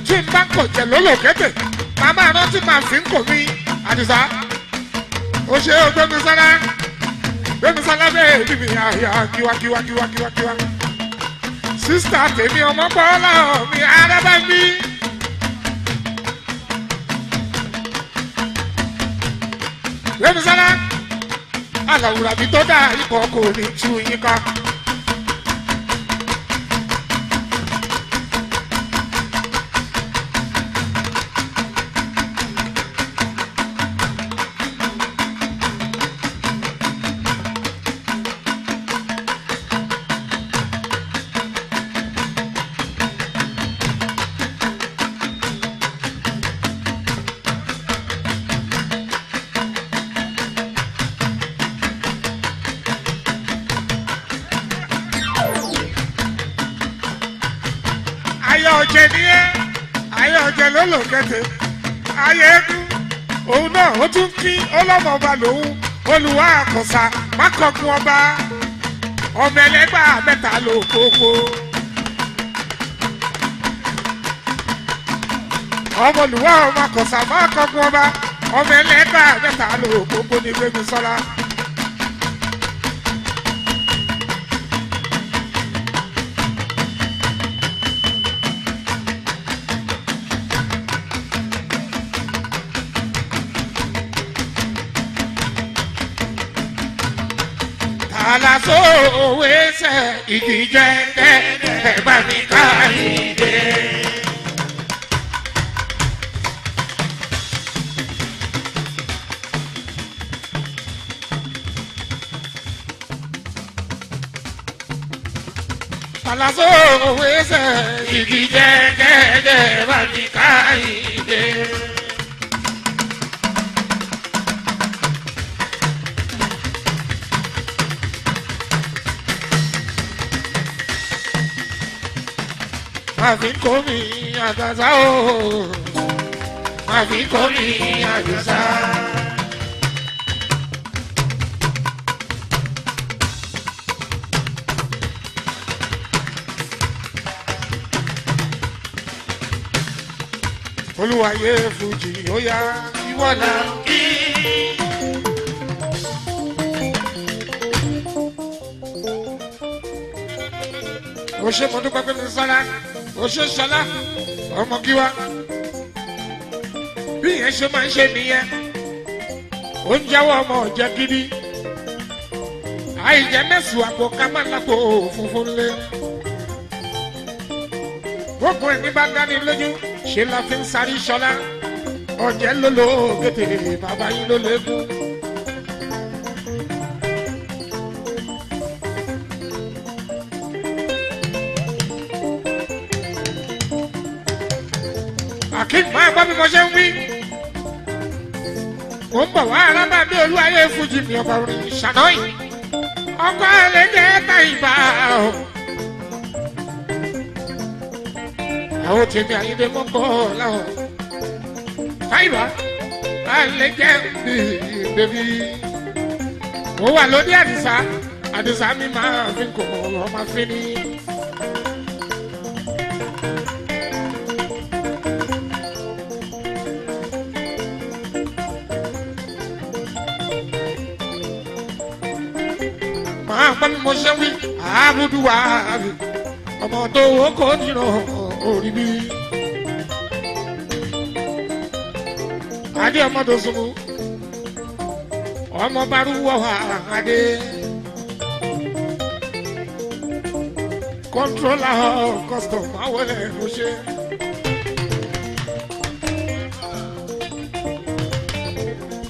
tí n bá kò jẹ́ lólòkẹ́tẹ̀ màmá rántí màá fi ń kò mí àdìsá ó ṣe o gbé mi sára gbé mi sára bẹ́ẹ̀ bí mi àyà kíwákíwákíwákíwá sísítà tèmi ọmọ bọ́lá mi arábàbí. lẹ́nu sára àlàwùrà mi tó dáa ikọ̀ kò ní tú yín ká. túnkí ọlọ́mọba lòun olùwà àkọ́sà mákọ̀kún ọba ọmọ ẹlẹ́gbà mẹ́ta lòkòkò. ọmọ olùwà ọmọ àkọ́sà mákọ̀kún ọba ọmọ ẹlẹ́gbà mẹ́ta lòkòkò ní gbẹ̀mí sọ́lá. àlàsó òwe ṣe igi jẹ dẹdẹ ẹgbà mi káyìndé. àlàsó òwe ṣe igi jẹ dẹdẹ ẹgbà mi. máa fi kó mi àtàtà o máa fi kó mi àjùsá. olúwayé fújì ó yá ìwọ náà kí. ó ṣe mọ́tò pẹ́pẹ́ mi sára oṣù sọlá ọmọ Gíwá bí yẹn ṣe máa ń ṣe nìyẹn ó ń jáwọ́ ọmọ ọ̀jẹ̀ gidi àìjẹ́ mẹ́sùn àpò ká má lápò òfurufú lé gbogbo ẹni bá dání lójú ṣe la fi ń sáré sọlá ọ̀jẹ̀ ló lo gètè bàbá yín ló lè gún. ó ń bọ̀ wá alábàdé olúwayé fújì mi ọba orin ṣàdọ́yì ọkọ ẹlẹ́gẹ́ ta ìbá o. àwọn tèmi àyíndé mọ́ bọ́ láwọn fáìbà ẹlẹ́gẹ́ mi bèbí mo wà lóde àdìsá àdìsá mi máa fi kò ọmọ fi ní. gbọ́ mi mo ṣe wí àbùdù wà á rí ọmọ tó o kò nìran orí mi. adé ọmọ tó sunmu ọmọ bárú wọ wá adé. kọ́ńtrólà kọ́sítọ̀m àwọn ló ṣe.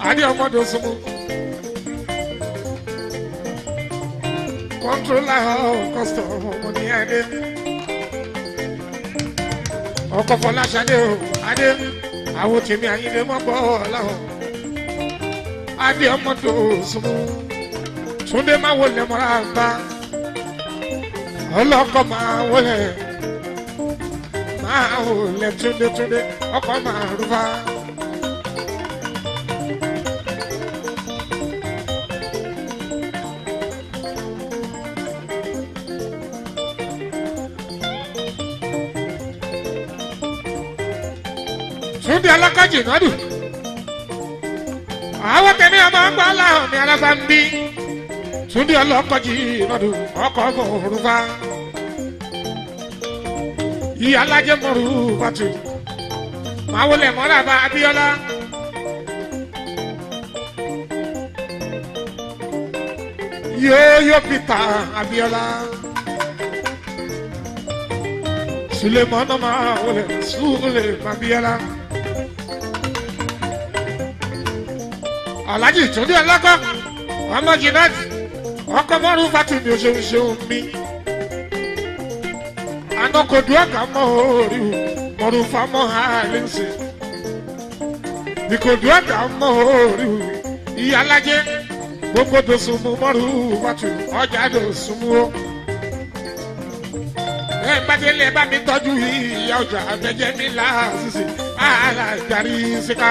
adé ọmọ tó sunmu. controller of oh, custom ní adé ọkọ Fọláṣadé o oh, adé àwọn tèmi àyíndé mọ́gbọ́ ọ̀làwọ̀ oh. adé ọmọ tó sùnmù Túndé máa wọlé mọ́ra bá ọlọ́kọ̀ máa wọlé máa wọlé Túndé Túndé ọkọ̀ máa rúfa. Túndé alákàjì nádù. àwọn tẹ̀mí ọmọ ọgbà aláhùn ní alágbá ń bí. Túndé ọlọ́kọ̀jì nádù ọkọ̀ ọgbà òrùka. ìyá alájẹ mọ̀rù bàtù. màá wọlé mọ́ra bá Abíọ́lá. yóyó Peter Abíọ́lá. Sulemana ma wọlé Sulemana Abíọ́lá. alhaji túndé ọlọ́kọ́ ọmọ jìnnàtì ọkọ mọ́rún fatumi òṣèṣeun mi anakodu ọ̀gá mọ́ orí mọ́rún famọ́ àlẹ́sẹ̀ nìkodu ọ̀gá mọ́ orí ìyálàjẹ́ gbogbo dosunmu mọ́rún fatumi ọjà dosunmu o ẹ gbàdélé bá tọ́jú ìyá ọjà abẹ́jẹ́ mi láàzìzì àlàjárí síká.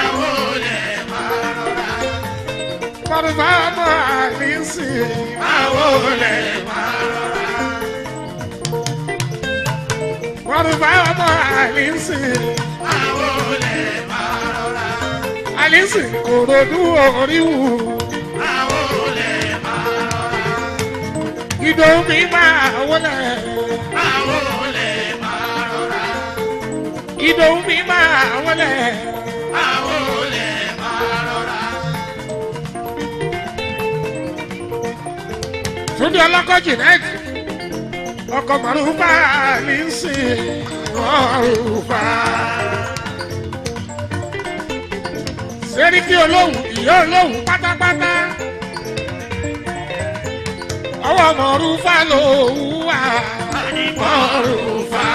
bá mọ̀ àlísì àwọn olè máa rọra. wọ́n bá mọ̀ àlísì àwọn olè máa rọra. àlísì kò rojú orí wù. àwọn olè máa rọra. ìdòwú máa wọlé. àwọn olè máa rọra. ìdòwú máa wọlé. túndé ọlọ́kọ́ jìnẹ́ẹ̀tì ọkọ̀ màrúfà ní sìn mọ́rúfà. sẹ́ríkì olóhùn ìyá olóhùn pátápátá ọwọ́ mọ̀rúfà lòún wà mọ̀rúfà.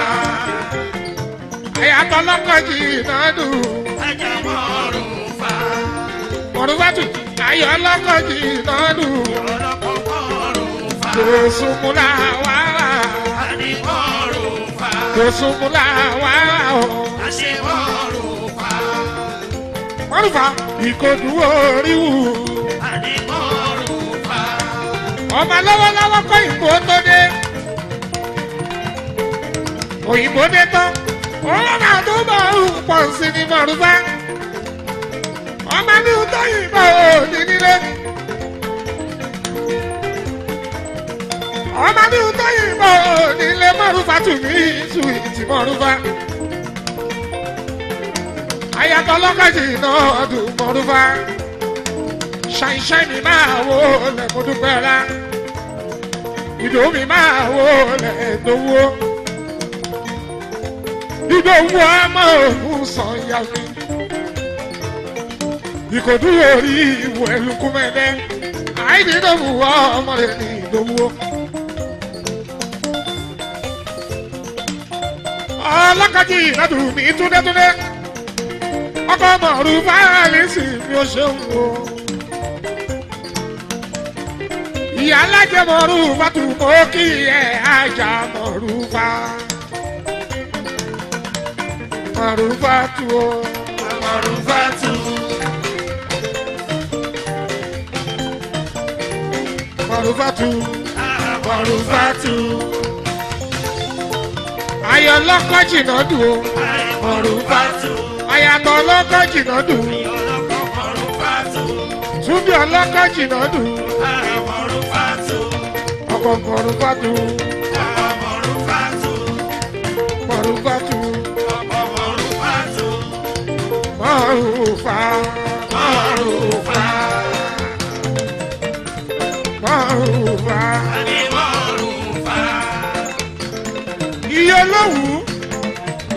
àyàtọ̀ ọlọ́kọ̀ jìnàdù ẹ̀jẹ̀ mọ̀rúfà. mọ̀rúfà tù ayọ̀ ọlọ́kọ̀ jìnàdù kò súnmúlà wá wá. àníbọ̀rù fà. kò súnmúlà wá wá o. àṣebọ̀rù fà. bọ́rù fà. ìkòdúró ríwù. àníbọ̀rù fà. ọmọ lọ́wọ́lọ́wọ́ kọ́ ìbò tó dé. òyìnbó dé tán. òun náà tó bá òun pọ̀ sí ni mọ̀rúbá. ọmọ ní ìtọ́yìnbó ò ní nílé. ọmọ ní utóyìn bọ̀ nílé mọ́rúfà tù mí ìtù ìtì mọ́rúfà. ayatọ̀ lọ́kàjì náà dùn mọ́rúfà. ṣàìṣẹ́ mi máa wò lẹ́kọ̀ọ́dúpẹ́ rá. ìdòwú mi máa wò lẹ́ẹ̀dọ́wọ́. ìdòwú ọmọ òun sọ ìyá mi. ìkòdúró rí ìwò ẹ̀lùkú mẹ́lẹ́ àìdídòwú ọmọ rẹ̀ ní ìdòwú. ọlọ́kọ̀jì ìnàdù mi túndétúndé ọkọ̀ mọ̀rú fáàlì sì mi ò ṣeun o. ìyá alájẹ mọ̀rú fàtú mọ́ kí ẹ̀ ajá mọ̀rú fà. mọ̀rú fàtú o. mọ̀rú fàtú. mọ̀rú fàtú. Ah, mọ̀rú fàtú ayọ̀ ọlọ́kọ́ jìnnà dùn o. ọrùn bá tù. àyàtọ̀ ọlọ́kọ́ jìnnà dùn. ọrùn bá tù. túbí ọlọ́kọ́ jìnnà dùn. ọrùn bá tù. ọkọ̀ọ̀kọ̀ ọrùn bá tù. ọrùn bá tù. ọrùn bá tù. ọrùn bá tù. ọrùn bá tù.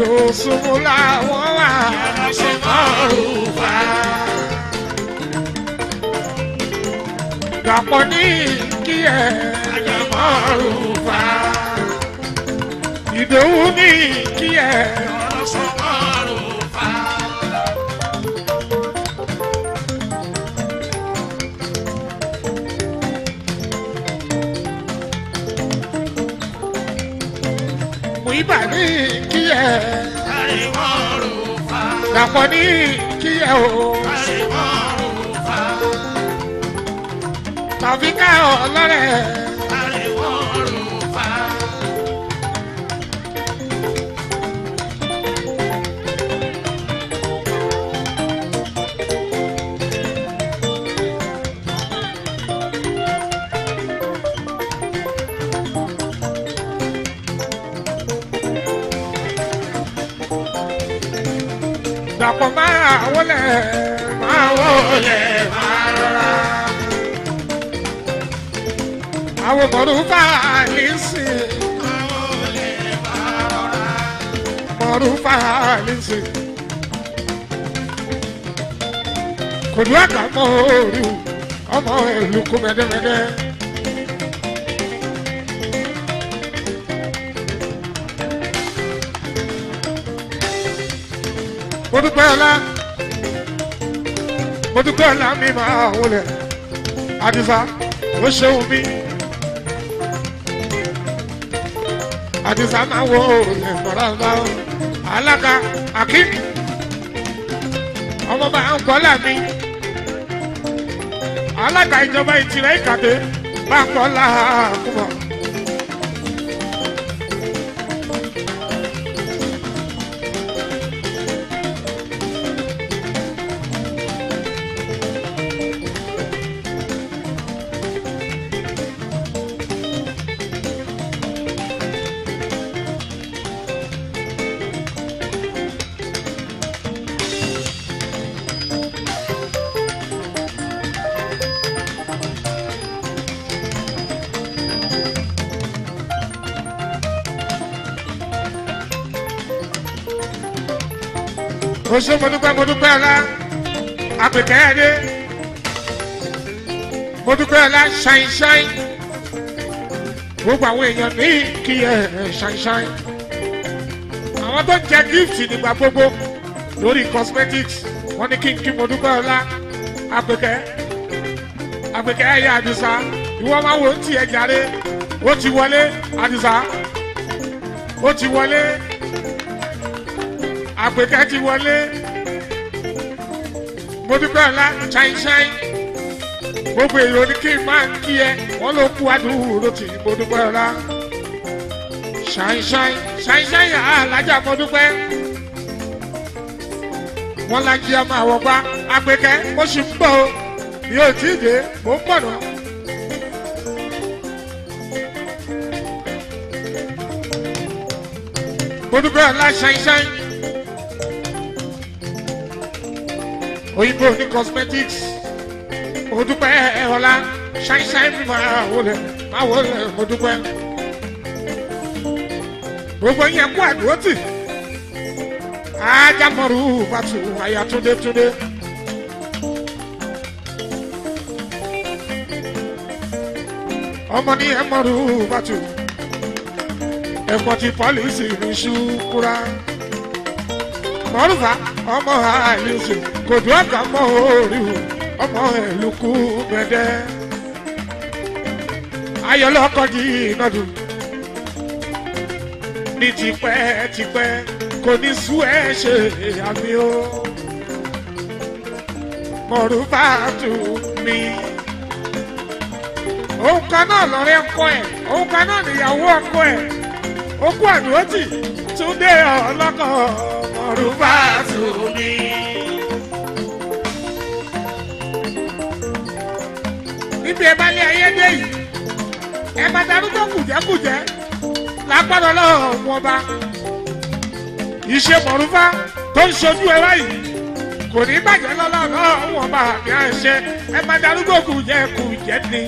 lóṣùwò làwọn wà. ìránṣẹ́ márùn-ún wà. dàpọ̀ ní kí ẹ̀ ajẹ́ márùn-ún wà. ìdòwú ní kíyẹ. àríwọ̀ rò fà. dàpọ̀ ní kíyẹ o. àríwọ̀ tàbí ká ọ̀ lọ́rẹ̀. wọlé máa wọlé máa rọra. àwọn mọ̀rúfà ní sí. mọ̀rúfà ní sí. kò ní àgbàmọ́ orí ọmọ ìlú kú mẹ́dẹ́mẹ́dẹ́. What about that? mo dúpẹ́ lámì máa wọlé àdìsá ó ṣeun mi àdìsá máa wọ òòlẹ̀ mọ́ra bá ọ alága àkí ọmọ bá ń kọ́ lámì alága ìjọba ìtìrẹ́ ìkàdé bá ń kọ́ láàkúmọ̀. mo ṣe mo dúpẹ́ mo dúpẹ́ ọlá àpèkẹ́ ẹ̀dẹ́ mo dúpẹ́ ọlá ṣáínṣáín gbogbo àwọn èèyàn ní kí ẹ ṣáínṣáín àwọn tó jẹ gift nígbà gbogbo lórí cosmetics wọn ní kí n kí mo dúpẹ́ ọlá àpèkẹ́ àpèkẹ́ ẹ̀yà àdùsá ìwọ máa wò ó tì ẹ̀ jáde ó ti wọlé àdùsá ó ti wọlé àpèkẹ́ ti wọlé mo dúpẹ́ ọ̀la ṣáínṣáín gbogbo èrò ni kí n máa ń kí ẹ wọ́n ló kú adúró tì mo dúpẹ́ ọ̀la ṣáínṣáín ṣáínṣáín alájà mo dúpẹ́ wọ́n lájí ọmọ àwọn ọba àpèkẹ́ ó sì ń bọ̀ o yóò tí ì dé mo ń bọ̀ náà. ọ̀la ṣáínṣáín. òyìnbó ni cosmetics mo dúpẹ́ shine shine mi máa wọlé máa wọlé mo dúpẹ́. gbogbo yẹn kú àdúró tì ájámọ̀rú bàtú àyà túndétúndé. ọmọ ní ẹmọ̀rú bàtú ẹ̀mọ̀ ti pọ́lìsì ní ṣú kúra. mọ̀rúfà ọmọ àyùsù kò dùn àgbà mọ́ orí o ọmọ ẹ̀lùkù gbẹdẹ. ayọ̀lọ́kọ̀ di ìnàdù ní tipẹ́tipẹ́ kò ní sú ẹ̀ ṣe àmì o. mọ̀rúbá dùn mí. òun kan náà lọ́rẹ́ ọkọ ẹ̀ òun kan náà nìyàwó ọkọ ẹ̀ ó kú àdúrótì túndé ọlọ́kọ̀ọ́. Mùrúbátù ni. níbi ẹ bá lé ayé dé yìí ẹ bá darúgbó kùjẹ́kùjẹ́ lágbára lọ́wọ́ wọn bá ìṣe mọ̀rúfá tó ń ṣojú ẹ báyìí kò ní bàjẹ́ lọ́lọ́rọ́ wọn bá àmì àṣẹ ẹ bá darúgbó kùjẹ́kùjẹ́ ni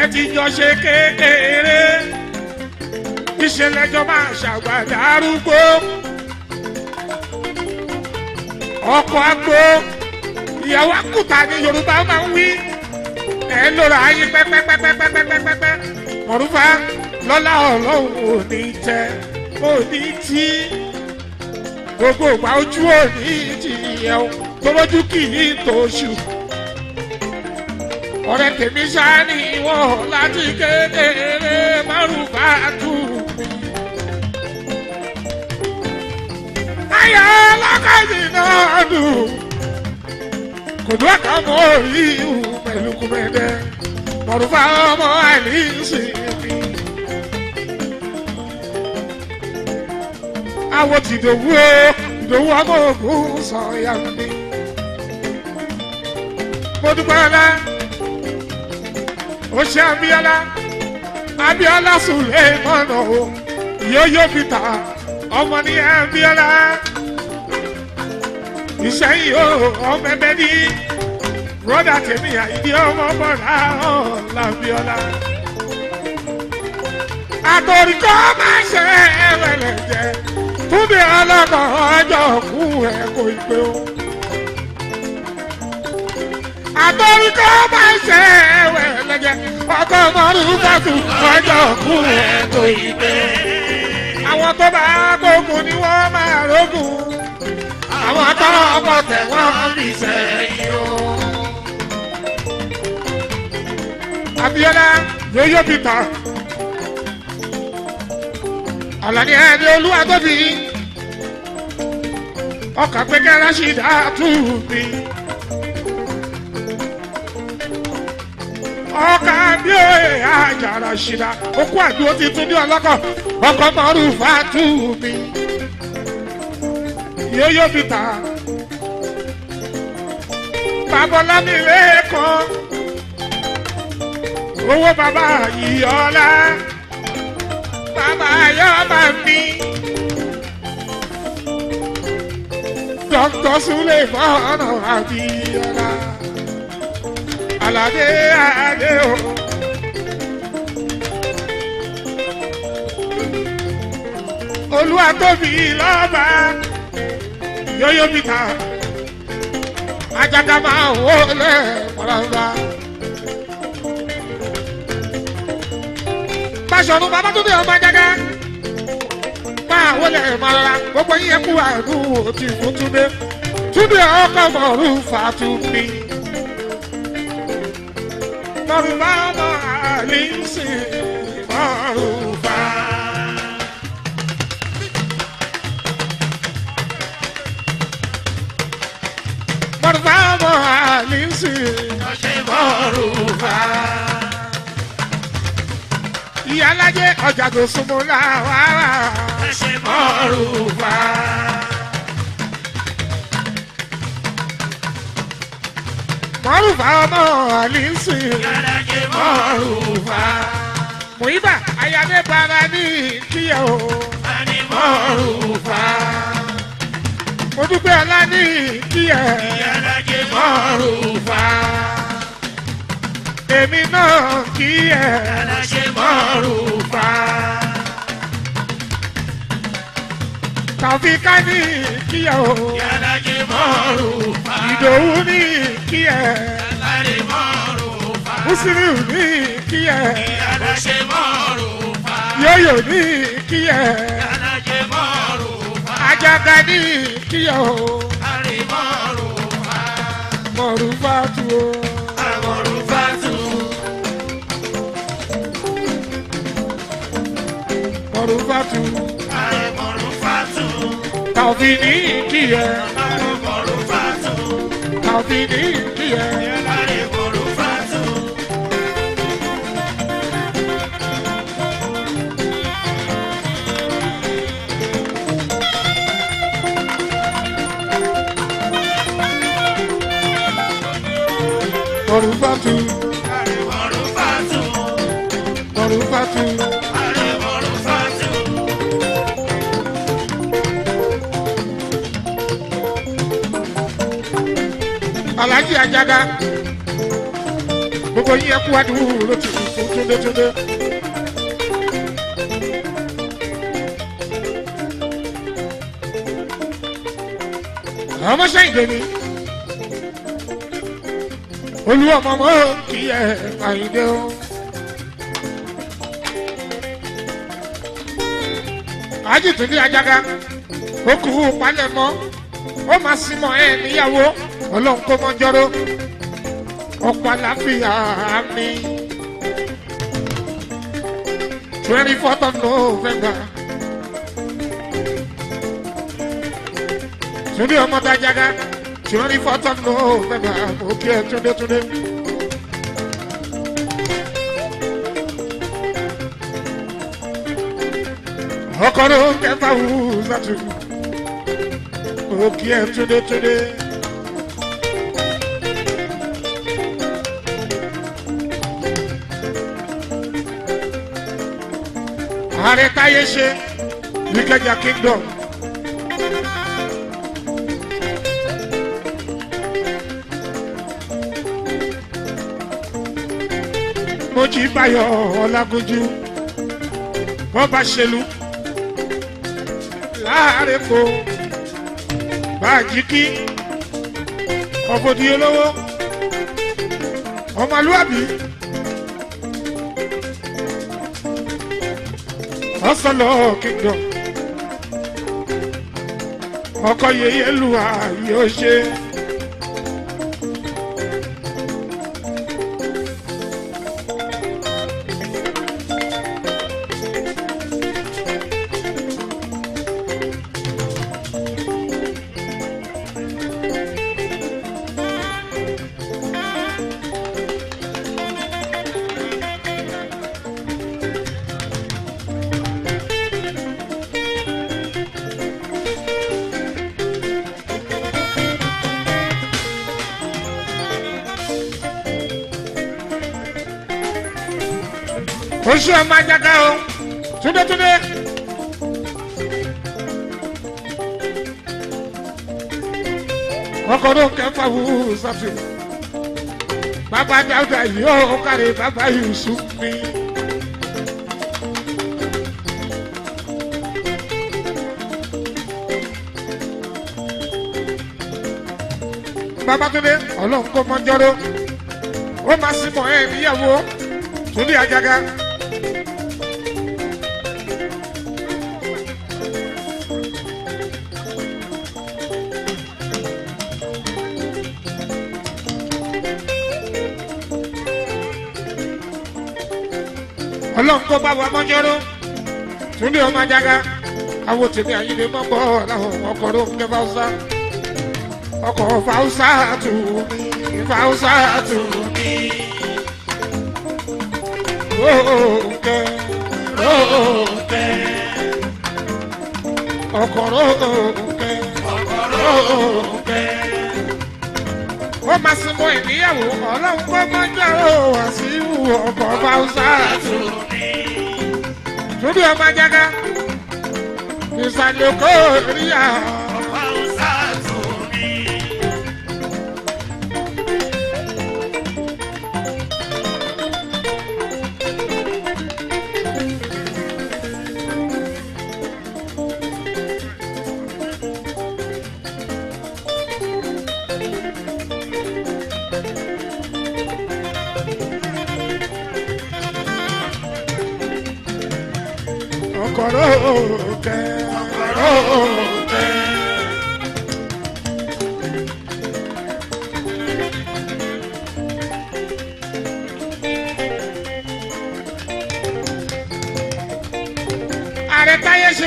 ẹ ti jọ ṣe kékeré ìṣẹ̀lẹ̀ jọ máa ṣàgbàdà arúgbó ọkọ agbo ìyàwó àkùtà ni yorùbá máa ń wí ẹ lọ́ra ayé pẹ́pẹ́pẹ́pẹ́pẹ́pẹ́pẹ́ mọ̀rúfà lọ́lá ọlọ́run ò ní jẹ ò ní tí gbogbo ìgbà ojú ò ní jìyẹ o tọ́lọ́jú kì í tó oṣù ọ̀rẹ́ tèmi ṣáá ni ìwọ láti kékeré márùn-ún bá tún. láyà lọ́kàdì náà dùn kò tó kà mọ́ orí ìhù pẹ̀lú kúmẹ́dẹ́ mọ̀rùfà ọmọ àìlísì mi. àwọn ti dòwú o dòwú ọmọ ògùn sọ ya mi. mo dúpẹ́ ọlá ó ṣe abíọ́lá abíọ́lá sùn lé mọ́nà o yóò yóò ọmọ ní abíọ́lá iṣẹ́ yìí ó wọ́n bẹ́bẹ́ ní broda tèmi àìdí ọmọ bọ̀dá ọ̀làbíọ́lá. àtòríkọ́ máa ṣe ẹ̀rẹ̀lẹ̀ jẹ́ fúnmi ọlọ́kọ̀ ọjọ́ kú ẹ̀ kò ìpè o. àtòríkọ́ máa ṣe ẹ̀rẹ̀lẹ̀ jẹ́ ọkọ̀ ọmọdún kọ́tù ọjọ́ kú ẹ̀ kò ìpè. àwọn tó bá gbógun ni wọ́n bàtà ọkọ̀ tẹ̀ wá ní sẹ́yìn o. Abiola yóyó bìtà. Àlàní ẹni olúwa tóbi. Ọkà pẹ́kẹ́ Rashida Túbí. Ọkà bí òye àjà Rashida. Okú àdúró ti tún ní ọlọ́kọ̀. Ọkọ̀ mọ́rùfà Túbí yéyó bìtà babalá mi lẹ́ẹ̀kan owó bàbá ìyọ́lá bàbá yọba mi dr suleiman abiola alade ade o. olúwa tóbi lọ́ba yóyó bìtà ajagá máa wó lẹ̀ kọ́lọ́mbà. Báṣọ̀nù Babátúndé ọmọ ajagá máa wó lẹ̀ mọ́ra gbogbo yín ẹkú àánú òtí fún Túndé Túndé ọkọ̀ mọ̀ọ́lù Fàtúmí. Mọ̀rùbá ọmọ àlè ń sìn mọ̀rùbá. mọ́ àlìsí. ọ̀ṣẹ́ ìmọ̀ọ́rù wá. ìyá alájẹ ọjà tó súnmọ́ láwàárà. ọ̀ṣẹ́ ìmọ̀ọ́rù wá. mọ̀rùfà ọmọ àlìsí. ìyá alájẹ mọ̀rùfà. Mùyíbà ayáde bàbá ní ìkíyà o. a mọ̀rùfà mo dúpẹ́ aláàní kíyà ìyálàjẹ mọ́rùn fa. èmi náà kíyà ìyálàjẹ mọ́rùn fa. tàbí ká ní kíyà o ìyálàjẹ mọ́rùn fa. ìdòwú ní kíyà ìyálàjẹ mọ́rùn fa. mùsùlùmí ní kíyà ìyálàjẹ mọ́rùn fa. yóyò ní kíyà. Àjàgàní kíyà o. àrìmọ́rù wá. mọ̀rù bá tu o. àmọ̀rù bá tu. mọ̀rù bá tu. àrìmọ̀rù bá tu. Taofeeni kíyà. àmọ̀rù bá tu. Taofeeni kíyà. Rufatu. Àrẹ̀mọ Rufatu. Mọ Rufatu. Àrẹ̀mọ Rufatu. Alhaji Ajaga. Gbogbo yín ẹ kú àdúrú ló ti kú fún túndétúndé. Ọmọ ṣẹ́yìn lónìí olúwa mọ̀mọ́ kì í ẹ̀ àyíndé o. àjìtú ní ajaga ó kú palẹ̀mọ́ ó máa sin ẹ níyàwó ọlọ́run kó mọ́ jọ́rọ́ ọ̀pọ̀ àlàáfíà mi. twenty fourth of November. Sunday ọmọ tajaga. Surely Father no, Baba, okay, today, today. Okoro get a who's at you. Okay, today, today. Ààrẹ Táyé ṣe Ìkẹjà kingdom. Mojí Báyọ̀ Ọlágúnjú bọ́ba ṣèlú láàárẹ̀ kó bàjíkí ọ̀bọ̀dì olówó ọmọlúwàbí ọ̀sánlọ̀ kingdom ọkọ̀ yẹyẹ lùwà yóò ṣe. ọmọ ajaga o túndétúndé. ọkọ̀rọ̀ kẹfà wúwú sọ́tù. bàbá dáúdà yìí ó kárí bàbá Yusuf mi. babatunde ọlọ́run kò mọ jọ́rọ́ ó máa símọ̀ ẹ̀ níyàwó tún ní ajaga. kó bá wa mọ́jọ́rọ́ túnde ọmọ ajaga àwọn tèmi àyílẹ̀ mọ́ bọ́ láwọn ọkọ̀ ló ń gbé fáwùsá ọkọ̀ fáwùsá tù mí fáwùsá tù mí. Róòkè róòkè ọkọ̀ róòkè ọkọ̀ róòkè. Ó máa sin mọ́ ìgbéyàwó ọlọ́run pé mọ́jọ́rọ́ wá sí ìwú ọkọ̀ fáwùsá tù mí fún bí ọmọ jágá ìsàlẹ̀ kò rí àwọn.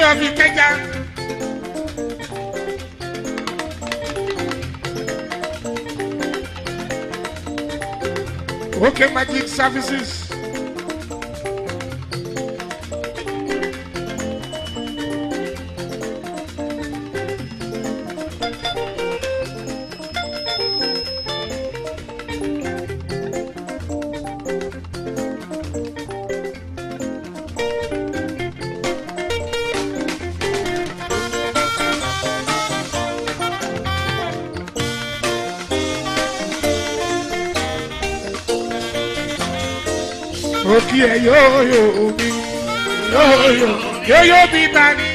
lọ fi kẹja. Okay Magic Services. Yo yo, yo yo, yo yo, bí bá mi.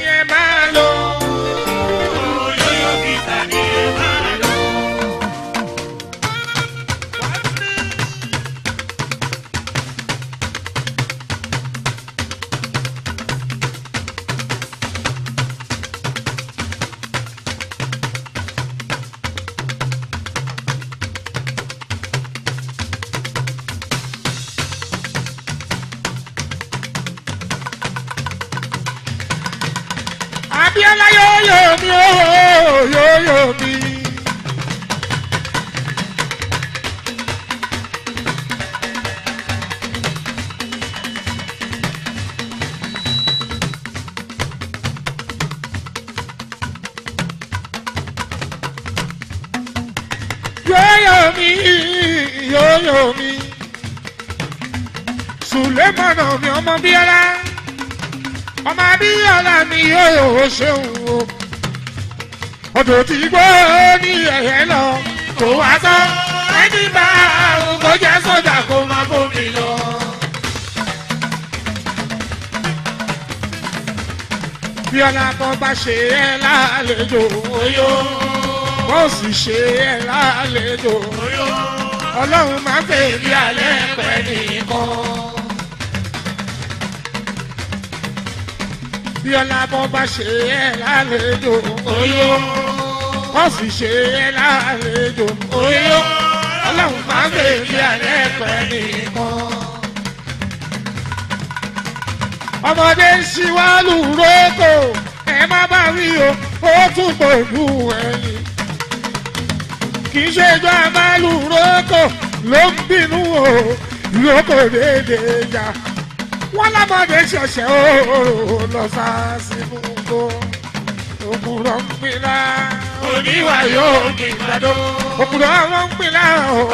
ọ̀nà mi ọmọ bíọ́lá ọmọ bíọ́lá mi yóò ṣeun o odò tí gbó ní ẹ̀yẹ lọ kò wá tán ẹni bá àrùn kò jẹ́ kó máa bómi lọ. bíọ́lá tó bá ṣe ẹ́ lálejò oyó bó sì ṣe ẹ́ lálejò oyó ọlọ́run máa ń fèmí alẹ́ pẹ́ nìkan. bí ọlábọ bá ṣe é lálejò oyó kọ́ọ̀sì ṣe é lálejò oyó ọlọ́run máa ń bèbí alẹ́ pẹ́ nìkan. ọmọdé ń ṣíwálù rókò ẹ má bá wí o ó tún pẹ̀lú ẹ̀yìn. kì í ṣe ìjọ àmàlù rókò ló ń bínú o lókò déédéé jà wọ́n lámọ̀dé ṣẹ̀ṣẹ̀ ó lọ sá sínú gbó òkúrọ̀ ń pinna oníwà yóò kì í gbàdó òkúrọ̀ ń pinna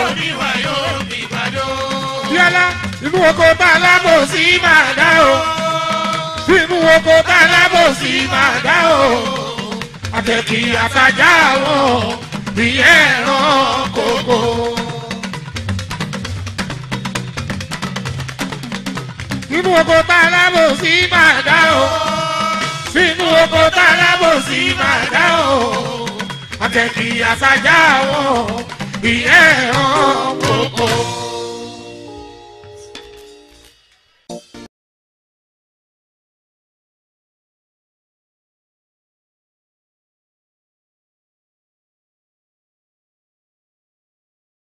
oníwà yóò kì í gbàdó. yálà inú oko bá alábòsí máa dá o inú oko bá alábòsí máa dá o àtẹ̀kí àtàjà àwọn ìyẹn ràn kókó. sínú oko tá a lábò sí máa dá o sínú oko tá a lábò sí máa dá o àtẹ̀kì àṣàjà wọn ìyẹn ọ̀hún kòkó.